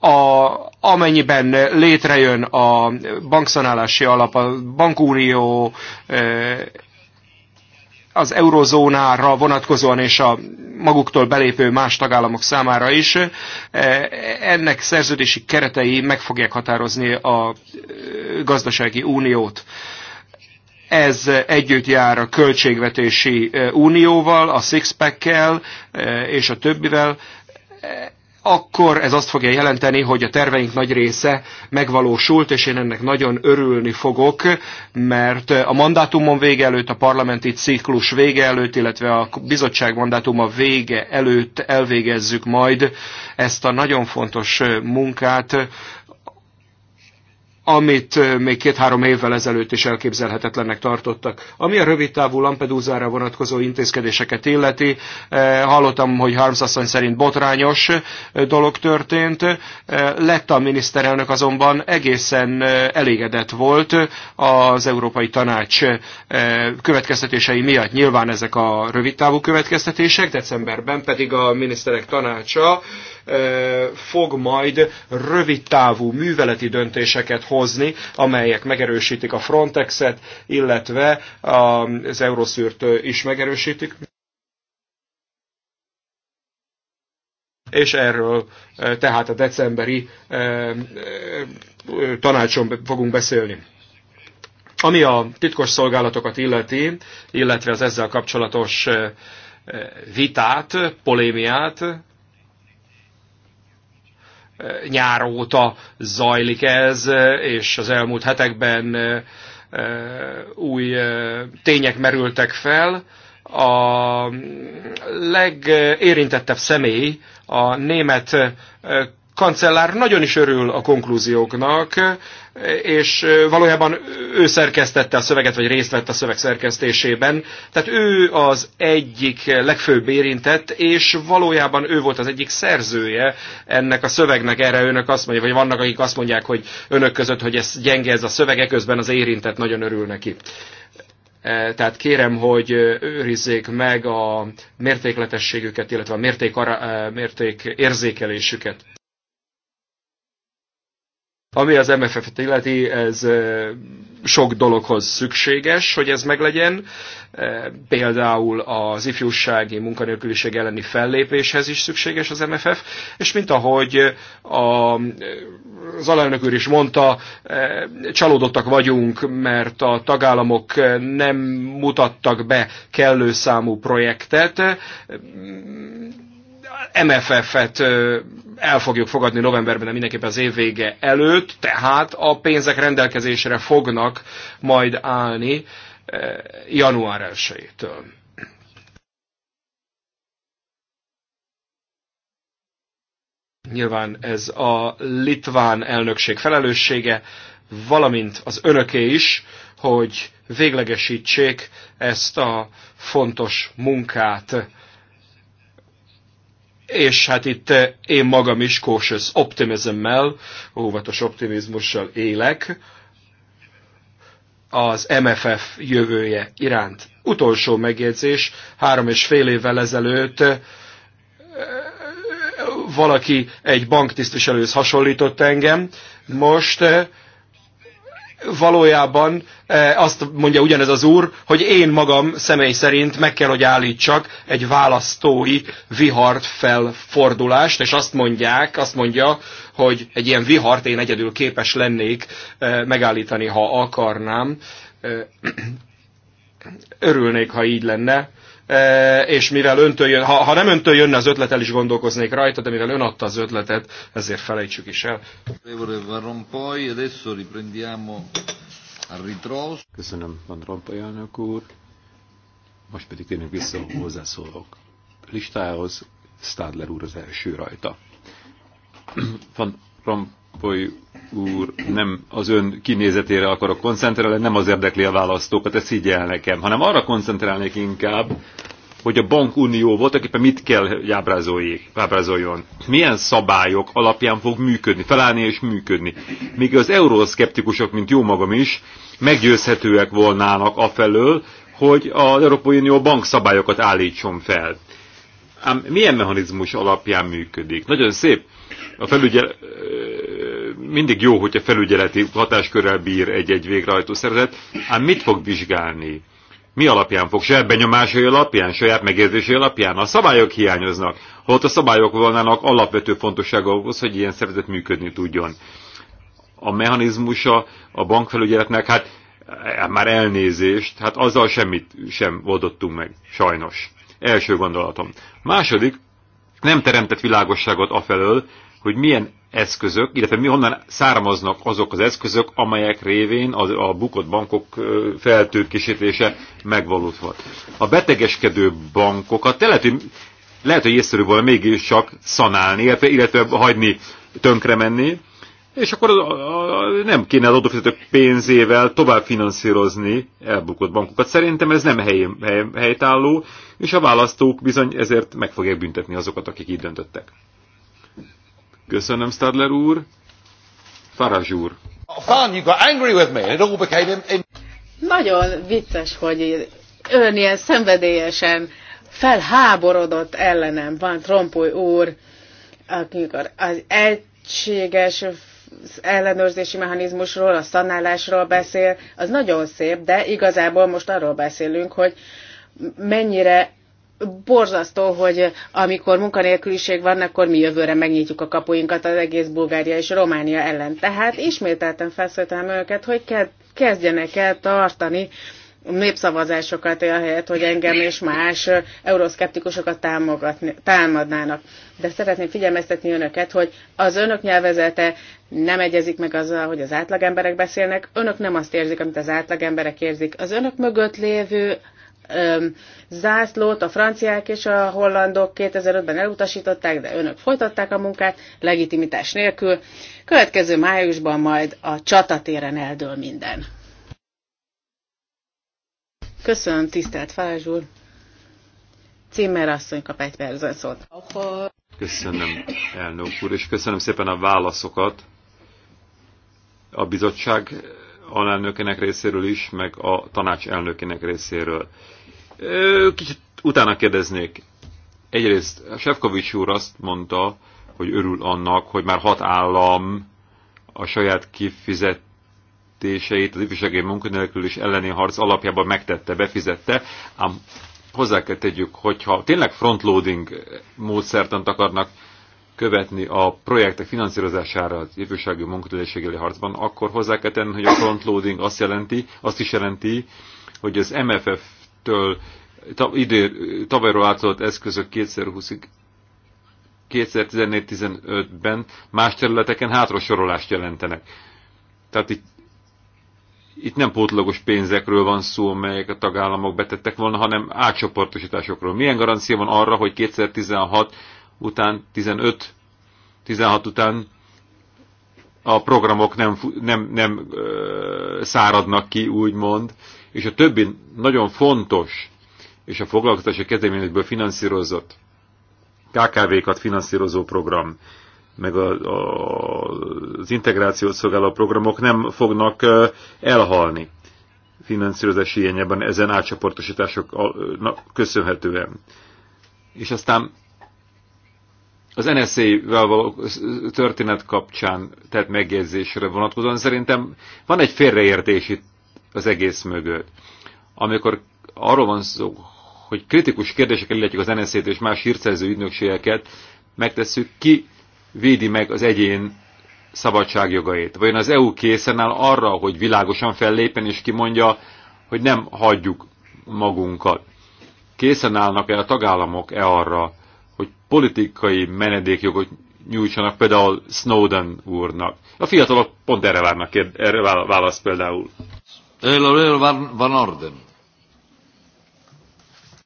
S3: a, amennyiben létrejön a bankszanálási alap, a bankúrió, az eurozónára vonatkozóan és a maguktól belépő más tagállamok számára is, ennek szerződési keretei meg fogják határozni a gazdasági uniót. Ez együtt jár a költségvetési unióval, a six kel és a többivel akkor ez azt fogja jelenteni, hogy a terveink nagy része megvalósult, és én ennek nagyon örülni fogok, mert a mandátumon vége előtt, a parlamenti ciklus vége előtt, illetve a bizottság mandátuma vége előtt elvégezzük majd ezt a nagyon fontos munkát, amit még két-három évvel ezelőtt is elképzelhetetlennek tartottak. Ami a rövid távú Lampedusa-ra vonatkozó intézkedéseket illeti, hallottam, hogy Harms asszony szerint botrányos dolog történt. Lett a miniszterelnök azonban egészen elégedett volt az Európai Tanács következtetései miatt. Nyilván ezek a rövid távú következtetések, decemberben pedig a miniszterek tanácsa fog majd rövidtávú műveleti döntéseket hozni, amelyek megerősítik a Frontexet, illetve az Euroszűrt is megerősítik. és erről tehát a decemberi tanácson fogunk beszélni. Ami a titkos szolgálatokat illeti, illetve az ezzel kapcsolatos vitát, polémiát, nyár óta zajlik ez, e, és az elmúlt hetekben e, e, új tények merültek fel. A legérintettebb személy a német kancellár nagyon is örül a konklúzióknak, és valójában ő szerkesztette a szöveget, vagy részt vett a szöveg szerkesztésében. Tehát ő az egyik legfőbb érintett, és valójában ő volt az egyik szerzője ennek a szövegnek. Erre önök azt mondja, vagy vannak, akik azt mondják, hogy önök között, hogy ez gyenge ez a szövege, közben az érintett nagyon örül neki. E, tehát kérem, hogy őrizzék meg a mértékletességüket, illetve a mérték, e, mérték érzékelésüket. Ami az MFF-et illeti, ez sok dologhoz szükséges, hogy ez meglegyen. Például az ifjúsági munkanélküliség elleni fellépéshez is szükséges az MFF, és mint ahogy a, az alelnök úr is mondta, csalódottak vagyunk, mert a tagállamok nem mutattak be kellő számú projektet MFF-et el fogjuk fogadni novemberben, de mindenképpen az év vége előtt, tehát a pénzek rendelkezésre fognak majd állni január 1-től. Nyilván ez a litván elnökség felelőssége, valamint az önöké is, hogy véglegesítsék ezt a fontos munkát és hát itt eh, én magam is cautious optimizmmel, óvatos optimizmussal élek az MFF jövője iránt. Utolsó megjegyzés, három és fél évvel ezelőtt eh, valaki egy banktisztviselőhöz hasonlított engem, most eh, valójában e, azt mondja ugyanez az úr, hogy én magam személy szerint meg kell, hogy állítsak egy választói vihart felfordulást, és azt mondják, azt mondja, hogy egy ilyen vihart én egyedül képes lennék e, megállítani, ha akarnám. E, [clears throat] örülnék, ha így lenne. E, és mivel öntől jön, ha, ha nem öntől jönne az ötletel is gondolkoznék rajta, de mivel ön adta az ötletet, ezért felejtsük is el.
S2: Köszönöm, Van Rompuy elnök úr. Most pedig térjünk vissza a hozzászólók listához. Stadler úr az első rajta. Van Rompuy úr, nem az ön kinézetére akarok koncentrálni, nem az érdekli a választókat, ezt higgy el nekem, hanem arra koncentrálnék inkább, hogy a bankunió voltaképpen mit kell ábrázoljon. Milyen szabályok alapján fog működni, felállni és működni. Még az euroszkeptikusok, mint jó magam is, meggyőzhetőek volnának afelől, hogy az Európai Unió bankszabályokat állítson fel. Ám milyen mechanizmus alapján működik? Nagyon szép a felügyel, mindig jó, hogyha felügyeleti hatáskörrel bír egy-egy végrehajtó szervezet, ám mit fog vizsgálni? Mi alapján fog? Saját benyomásai alapján? Saját megérzési alapján? A szabályok hiányoznak. Holott a szabályok volnának alapvető fontosság ahhoz, hogy ilyen szervezet működni tudjon. A mechanizmusa a bankfelügyeletnek, hát e, már elnézést, hát azzal semmit sem oldottunk meg, sajnos. Első gondolatom. Második, nem teremtett világosságot afelől, hogy milyen eszközök, illetve mi honnan származnak azok az eszközök, amelyek révén a, a bukott bankok feltőkésítése megvalósulhat. A betegeskedő bankokat lehet, hogy, lehet, hogy észszerű volna mégiscsak szanálni, illetve, illetve hagyni menni, és akkor a, a, a, nem kéne az adófizetők pénzével tovább finanszírozni elbukott bankokat. Szerintem ez nem hely, hely, helytálló, és a választók bizony ezért meg fogják büntetni azokat, akik így döntöttek. Köszönöm, Stadler úr. Farage úr. you got angry with me, it all became in...
S4: Nagyon vicces, hogy ön ilyen szenvedélyesen felháborodott ellenem van Trompoly úr, amikor az egységes ellenőrzési mechanizmusról, a szanálásról beszél, az nagyon szép, de igazából most arról beszélünk, hogy mennyire borzasztó, hogy amikor munkanélküliség van, akkor mi jövőre megnyitjuk a kapuinkat az egész Bulgária és Románia ellen. Tehát ismételten felszólítanám őket, hogy kezdjenek el tartani népszavazásokat, ahelyett, hogy engem és más euroszkeptikusokat támadnának. De szeretném figyelmeztetni önöket, hogy az önök nyelvezete nem egyezik meg azzal, hogy az átlagemberek beszélnek, önök nem azt érzik, amit az átlagemberek érzik. Az önök mögött lévő zászlót a franciák és a hollandok 2005-ben elutasították, de önök folytatták a munkát legitimitás nélkül. Következő májusban majd a csatatéren eldől minden. Köszönöm, tisztelt Falázs úr. Címer asszony kap egy percben szót.
S2: Köszönöm, elnök úr, és köszönöm szépen a válaszokat a bizottság alelnökének részéről is, meg a tanács elnökének részéről. Kicsit utána kérdeznék. Egyrészt Sefkovics úr azt mondta, hogy örül annak, hogy már hat állam a saját kifizetéseit az ifjúsági is elleni harc alapjában megtette, befizette, ám hozzá kell tegyük, hogyha tényleg frontloading módszertant akarnak követni a projektek finanszírozására az ifjúsági munkanélkül harcban, akkor hozzá kell tenni, hogy a frontloading azt jelenti, azt is jelenti, hogy az MFF től idő, tavalyról átadott eszközök 2020-ig 2014-15-ben más területeken hátrasorolást jelentenek. Tehát itt, itt nem pótlagos pénzekről van szó, melyek a tagállamok betettek volna, hanem átcsoportosításokról. Milyen garancia van arra, hogy 2016 után, 15, 16 után a programok nem, nem, nem ö, száradnak ki, úgymond, és a többi nagyon fontos és a foglalkoztatási kezdeményezésből finanszírozott KKV-kat finanszírozó program, meg a, a, az integrációt szolgáló programok nem fognak elhalni finanszírozási hiányában ezen átcsoportosításoknak köszönhetően. És aztán az NSZ-vel való történet kapcsán tett megjegyzésre vonatkozóan szerintem van egy félreértés itt az egész mögött. Amikor arról van szó, hogy kritikus kérdésekkel illetjük az NSZ-t és más hírszerző ügynökségeket, megtesszük, ki védi meg az egyén szabadságjogait. Vajon az EU készen áll arra, hogy világosan fellépjen és kimondja, hogy nem hagyjuk magunkat. Készen állnak-e a tagállamok-e arra, hogy politikai menedékjogot nyújtsanak például Snowden úrnak? A fiatalok pont erre várnak, erre válasz például. Van,
S3: van Orden.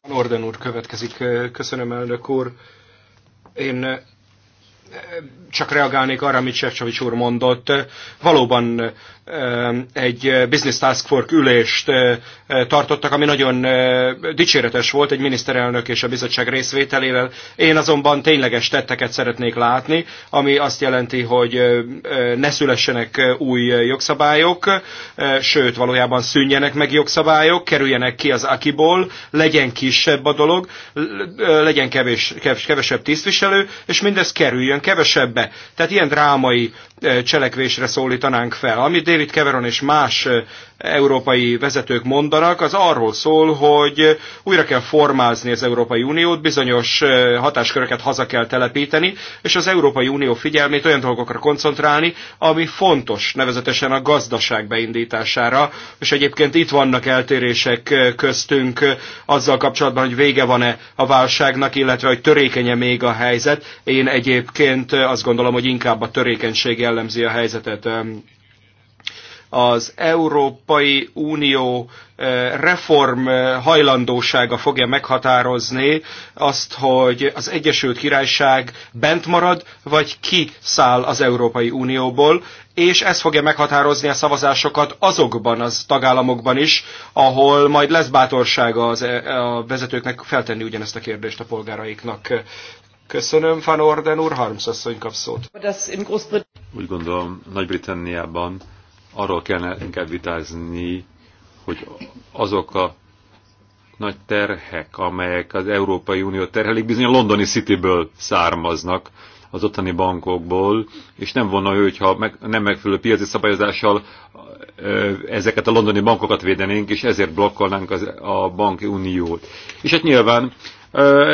S3: Van Orden úr következik. Köszönöm, elnök úr. Én csak reagálnék arra, amit Sefcsovics úr mondott. Valóban egy business task force ülést tartottak, ami nagyon dicséretes volt egy miniszterelnök és a bizottság részvételével. Én azonban tényleges tetteket szeretnék látni, ami azt jelenti, hogy ne szülessenek új jogszabályok, sőt, valójában szűnjenek meg jogszabályok, kerüljenek ki az akiból, legyen kisebb a dolog, legyen kevés, kevesebb tisztviselő, és mindez kerüljön kevesebbe. Tehát ilyen drámai eh, cselekvésre szólítanánk fel. Amit David Cameron és más eh, európai vezetők mondanak, az arról szól, hogy újra kell formázni az Európai Uniót, bizonyos hatásköröket haza kell telepíteni, és az Európai Unió figyelmét olyan dolgokra koncentrálni, ami fontos, nevezetesen a gazdaság beindítására, és egyébként itt vannak eltérések köztünk azzal kapcsolatban, hogy vége van-e a válságnak, illetve hogy törékenye még a helyzet. Én egyébként azt gondolom, hogy inkább a törékenység jellemzi a helyzetet az Európai Unió eh, reform eh, hajlandósága fogja meghatározni azt, hogy az Egyesült Királyság bent marad, vagy kiszáll az Európai Unióból, és ez fogja meghatározni a szavazásokat azokban az tagállamokban is, ahol majd lesz bátorsága az, eh, a vezetőknek feltenni ugyanezt a kérdést a polgáraiknak. Köszönöm, Van Orden úr, Harms asszony kap szót.
S2: Úgy gondolom, Nagy-Britanniában arról kellene inkább vitázni, hogy azok a nagy terhek, amelyek az Európai Unió terhelik, bizony a londoni Cityből származnak, az ottani bankokból, és nem volna ő, hogyha meg, nem megfelelő piaci szabályozással ezeket a londoni bankokat védenénk, és ezért blokkolnánk az, a banki uniót. És hát nyilván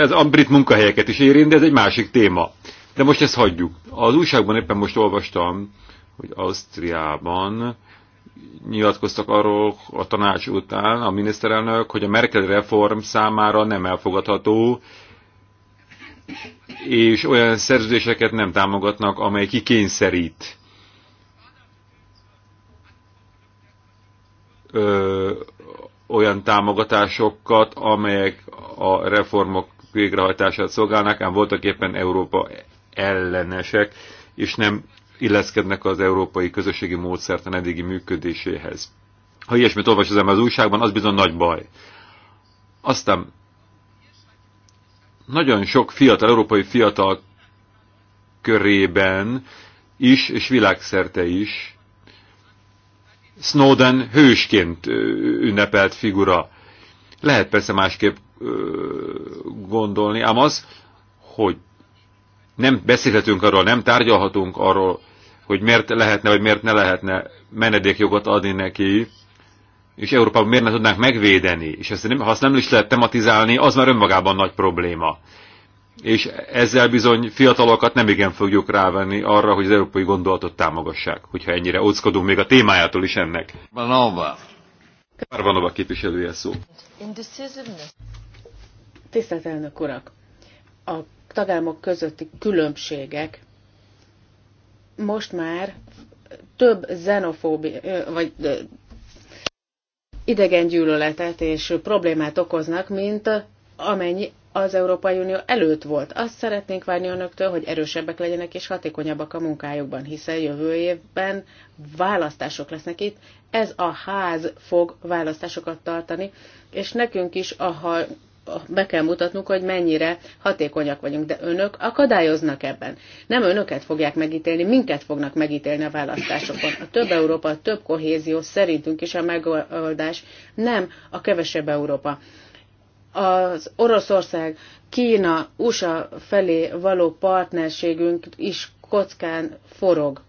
S2: ez a brit munkahelyeket is érint, de ez egy másik téma. De most ezt hagyjuk. Az újságban éppen most olvastam, hogy Ausztriában nyilatkoztak arról a tanács után a miniszterelnök, hogy a Merkel reform számára nem elfogadható, és olyan szerződéseket nem támogatnak, amely kikényszerít ö, olyan támogatásokat, amelyek a reformok végrehajtását szolgálnak, ám voltak éppen Európa ellenesek, és nem illeszkednek az európai közösségi módszertan eddigi működéséhez. Ha ilyesmit olvas az ember az újságban, az bizony nagy baj. Aztán nagyon sok fiatal, európai fiatal körében is, és világszerte is, Snowden hősként ünnepelt figura. Lehet persze másképp gondolni, ám az, hogy nem beszélhetünk arról, nem tárgyalhatunk arról, hogy miért lehetne, vagy miért ne lehetne menedékjogot adni neki, és Európában miért ne tudnánk megvédeni, és ezt nem, ha azt nem is lehet tematizálni, az már önmagában nagy probléma. És ezzel bizony fiatalokat nem igen fogjuk rávenni arra, hogy az európai gondolatot támogassák, hogyha ennyire óckodunk még a témájától is ennek. Vanova. Parvanova képviselője szó.
S4: Tisztelt elnök urak! A tagállamok közötti különbségek most már több xenofóbia, vagy gyűlöletet és problémát okoznak, mint amennyi az Európai Unió előtt volt. Azt szeretnénk várni önöktől, hogy erősebbek legyenek és hatékonyabbak a munkájukban, hiszen jövő évben választások lesznek itt. Ez a ház fog választásokat tartani, és nekünk is a be kell mutatnunk, hogy mennyire hatékonyak vagyunk, de önök akadályoznak ebben. Nem önöket fogják megítélni, minket fognak megítélni a választásokon. A több Európa, a több kohézió szerintünk is a megoldás, nem a kevesebb Európa. Az Oroszország, Kína, USA felé való partnerségünk is kockán forog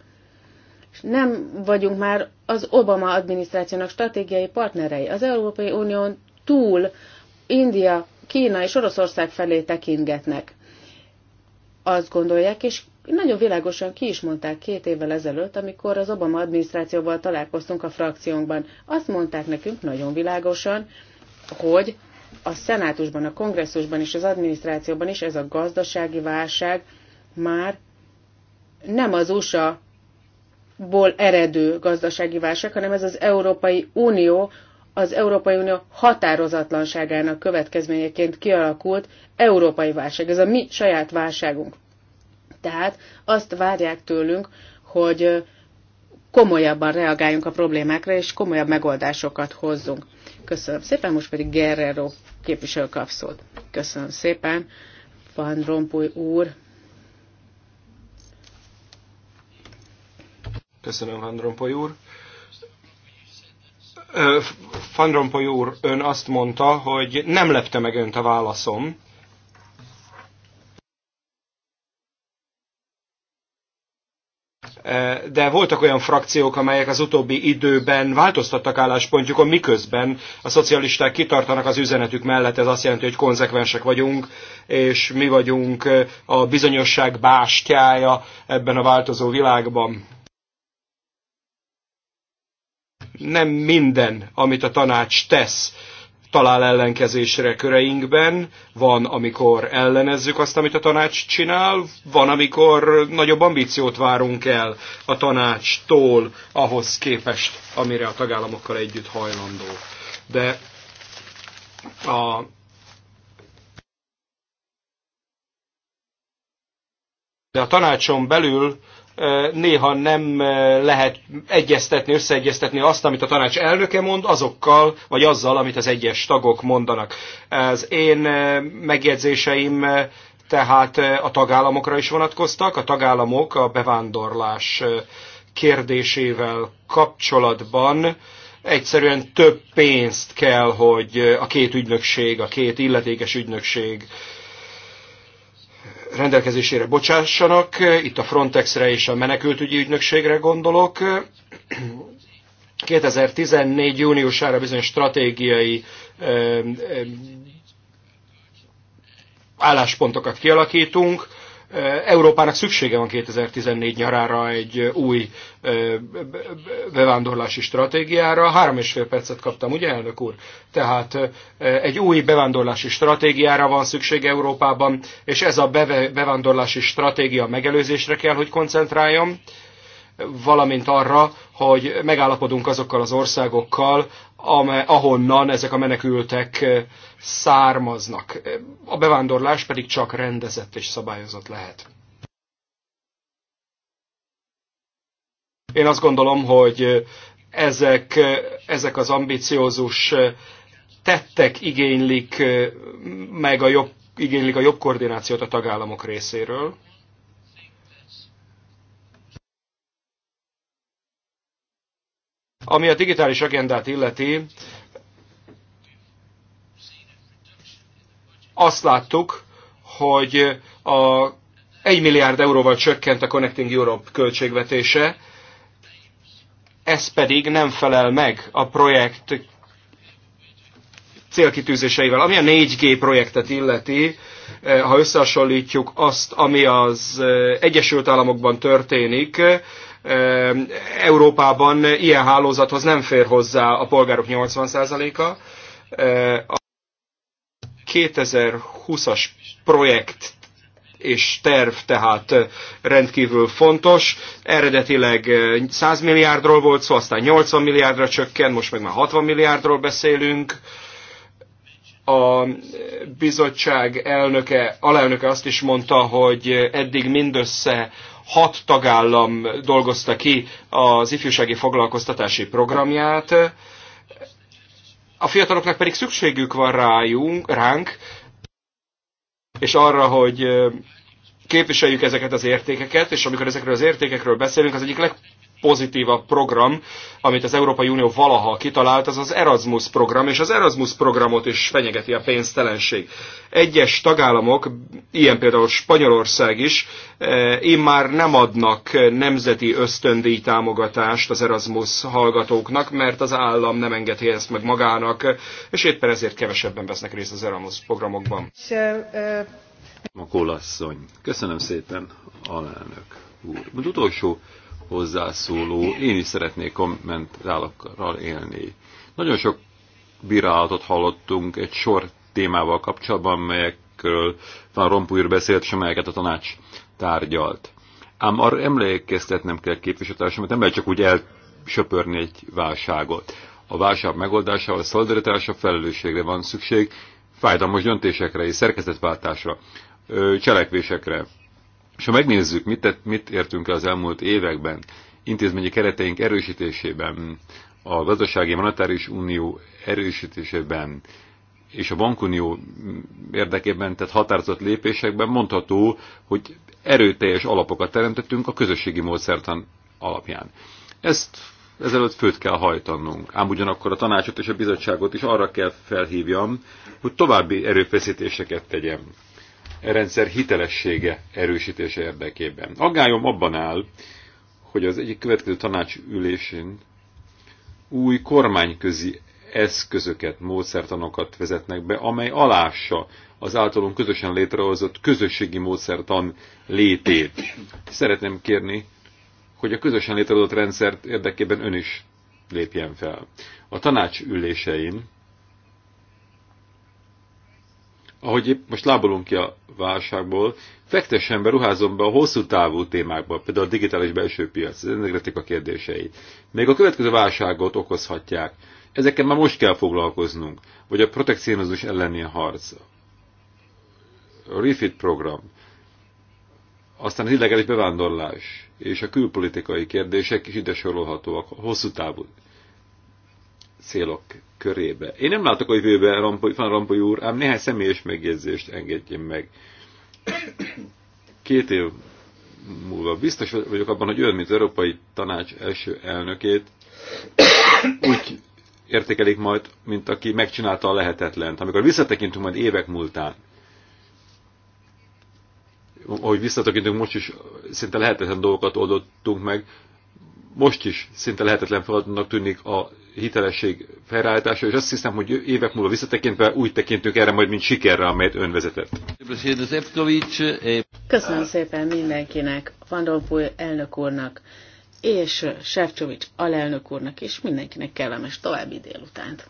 S4: nem vagyunk már az Obama adminisztrációnak stratégiai partnerei. Az Európai Unión túl India, Kína és Oroszország felé tekintgetnek. Azt gondolják, és nagyon világosan ki is mondták két évvel ezelőtt, amikor az Obama adminisztrációval találkoztunk a frakciónkban. Azt mondták nekünk nagyon világosan, hogy a szenátusban, a kongresszusban és az adminisztrációban is ez a gazdasági válság már nem az USA ból eredő gazdasági válság, hanem ez az Európai Unió az Európai Unió határozatlanságának következményeként kialakult európai válság. Ez a mi saját válságunk. Tehát azt várják tőlünk, hogy komolyabban reagáljunk a problémákra, és komolyabb megoldásokat hozzunk. Köszönöm szépen, most pedig Guerrero képviselő kap szót. Köszönöm szépen, Van Rompuy úr.
S3: Köszönöm, Van Rompuy úr. Van Rompuy úr, ön azt mondta, hogy nem lepte meg önt a válaszom. De voltak olyan frakciók, amelyek az utóbbi időben változtattak álláspontjukon, miközben a szocialisták kitartanak az üzenetük mellett, ez azt jelenti, hogy konzekvensek vagyunk, és mi vagyunk a bizonyosság bástyája ebben a változó világban nem minden, amit a tanács tesz, talál ellenkezésre köreinkben, van, amikor ellenezzük azt, amit a tanács csinál, van, amikor nagyobb ambíciót várunk el a tanácstól ahhoz képest, amire a tagállamokkal együtt hajlandó. De a de a tanácson belül néha nem lehet egyeztetni, összeegyeztetni azt, amit a tanács elnöke mond, azokkal, vagy azzal, amit az egyes tagok mondanak. Az én megjegyzéseim tehát a tagállamokra is vonatkoztak. A tagállamok a bevándorlás kérdésével kapcsolatban egyszerűen több pénzt kell, hogy a két ügynökség, a két illetékes ügynökség rendelkezésére bocsássanak. Itt a Frontexre és a menekültügyi ügynökségre gondolok. 2014. júniusára bizony stratégiai álláspontokat kialakítunk, Európának szüksége van 2014 nyarára egy új bevándorlási stratégiára. Három és fél percet kaptam, ugye, elnök úr? Tehát egy új bevándorlási stratégiára van szükség Európában, és ez a bevándorlási stratégia megelőzésre kell, hogy koncentráljon valamint arra, hogy megállapodunk azokkal az országokkal, ahonnan ezek a menekültek eh, származnak. A bevándorlás pedig csak rendezett és szabályozott lehet. Én azt gondolom, hogy eh, ezek, eh, ezek az ambiciózus tettek igénylik meg a jobb, igénylik a jobb koordinációt a tagállamok részéről. Ami a digitális agendát illeti, azt láttuk, hogy a 1 milliárd euróval csökkent a Connecting Europe költségvetése, ez pedig nem felel meg a projekt célkitűzéseivel. Ami a 4G projektet illeti, eh, ha összehasonlítjuk azt, ami az eh, Egyesült Államokban történik, Európában ilyen hálózathoz nem fér hozzá a polgárok 80%-a. A 2020-as projekt és terv tehát rendkívül fontos. Eredetileg 100 milliárdról volt szó, aztán 80 milliárdra csökken, most meg már 60 milliárdról beszélünk. A bizottság elnöke, alelnöke azt is mondta, hogy eddig mindössze hat tagállam dolgozta ki az ifjúsági foglalkoztatási programját, a fiataloknak pedig szükségük van rájunk, ránk, és arra, hogy képviseljük ezeket az értékeket, és amikor ezekről az értékekről beszélünk, az egyik leg, pozitívabb program, amit az Európai Unió valaha kitalált, az az Erasmus program, és az Erasmus programot is fenyegeti a pénztelenség. Egyes tagállamok, ilyen például Spanyolország is, eh, én már nem adnak nemzeti ösztöndíj támogatást az Erasmus hallgatóknak, mert az állam nem engedi ezt meg magának, és éppen ezért kevesebben vesznek részt az Erasmus programokban.
S1: Eh,
S2: Makólasszony. Köszönöm szépen, alelnök úr. Az utolsó hozzászóló, én is szeretnék kommentálokkal élni. Nagyon sok bírálatot hallottunk egy sor témával kapcsolatban, melyekről Van Rompújr beszélt, és amelyeket a tanács tárgyalt. Ám arra emlékeztetnem kell képviselőtársamat, nem lehet csak úgy elsöpörni egy válságot. A válság megoldásával, a szolidaritásra, felelősségre van szükség, fájdalmas döntésekre és szerkezetváltásra, cselekvésekre. És ha megnézzük, mit, tett, mit értünk el az elmúlt években, intézményi kereteink erősítésében, a gazdasági monetáris unió erősítésében és a bankunió érdekében tehát határozott lépésekben mondható, hogy erőteljes alapokat teremtettünk a közösségi módszertan alapján. Ezt ezelőtt főt kell hajtanunk. Ám ugyanakkor a tanácsot és a bizottságot is arra kell felhívjam, hogy további erőfeszítéseket tegyen rendszer hitelessége erősítése érdekében. Aggályom abban áll, hogy az egyik következő tanácsülésén új kormányközi eszközöket, módszertanokat vezetnek be, amely alássa az általunk közösen létrehozott közösségi módszertan létét. Szeretném kérni, hogy a közösen létrehozott rendszert érdekében ön is lépjen fel. A tanács ülésein, ahogy épp most lábolunk ki a válságból, fektessen be, ruházom be a hosszú távú témákba, például a digitális belső piac, az a kérdései. Még a következő válságot okozhatják. Ezekkel már most kell foglalkoznunk. Vagy a protekcionizmus elleni harc. A refit program. Aztán az illegális bevándorlás és a külpolitikai kérdések is ide sorolhatóak a hosszú távú célok körébe. Én nem látok a jövőbe, Rampoly, Van Rampoly úr, ám néhány személyes megjegyzést engedjen meg. Két év múlva biztos vagyok abban, hogy ön, mint az Európai Tanács első elnökét úgy értékelik majd, mint aki megcsinálta a lehetetlent. Amikor visszatekintünk majd évek múltán, ahogy visszatekintünk most is, szinte lehetetlen dolgokat oldottunk meg, most is szinte lehetetlen feladatnak tűnik a hitelesség felállítása, és azt hiszem, hogy évek múlva visszatekintve úgy tekintünk erre majd, mint sikerre, amelyet ön vezetett. Köszönöm
S4: szépen mindenkinek, Van Rompuy elnök úrnak, és Sefcsovics alelnök úrnak, és mindenkinek kellemes további délutánt.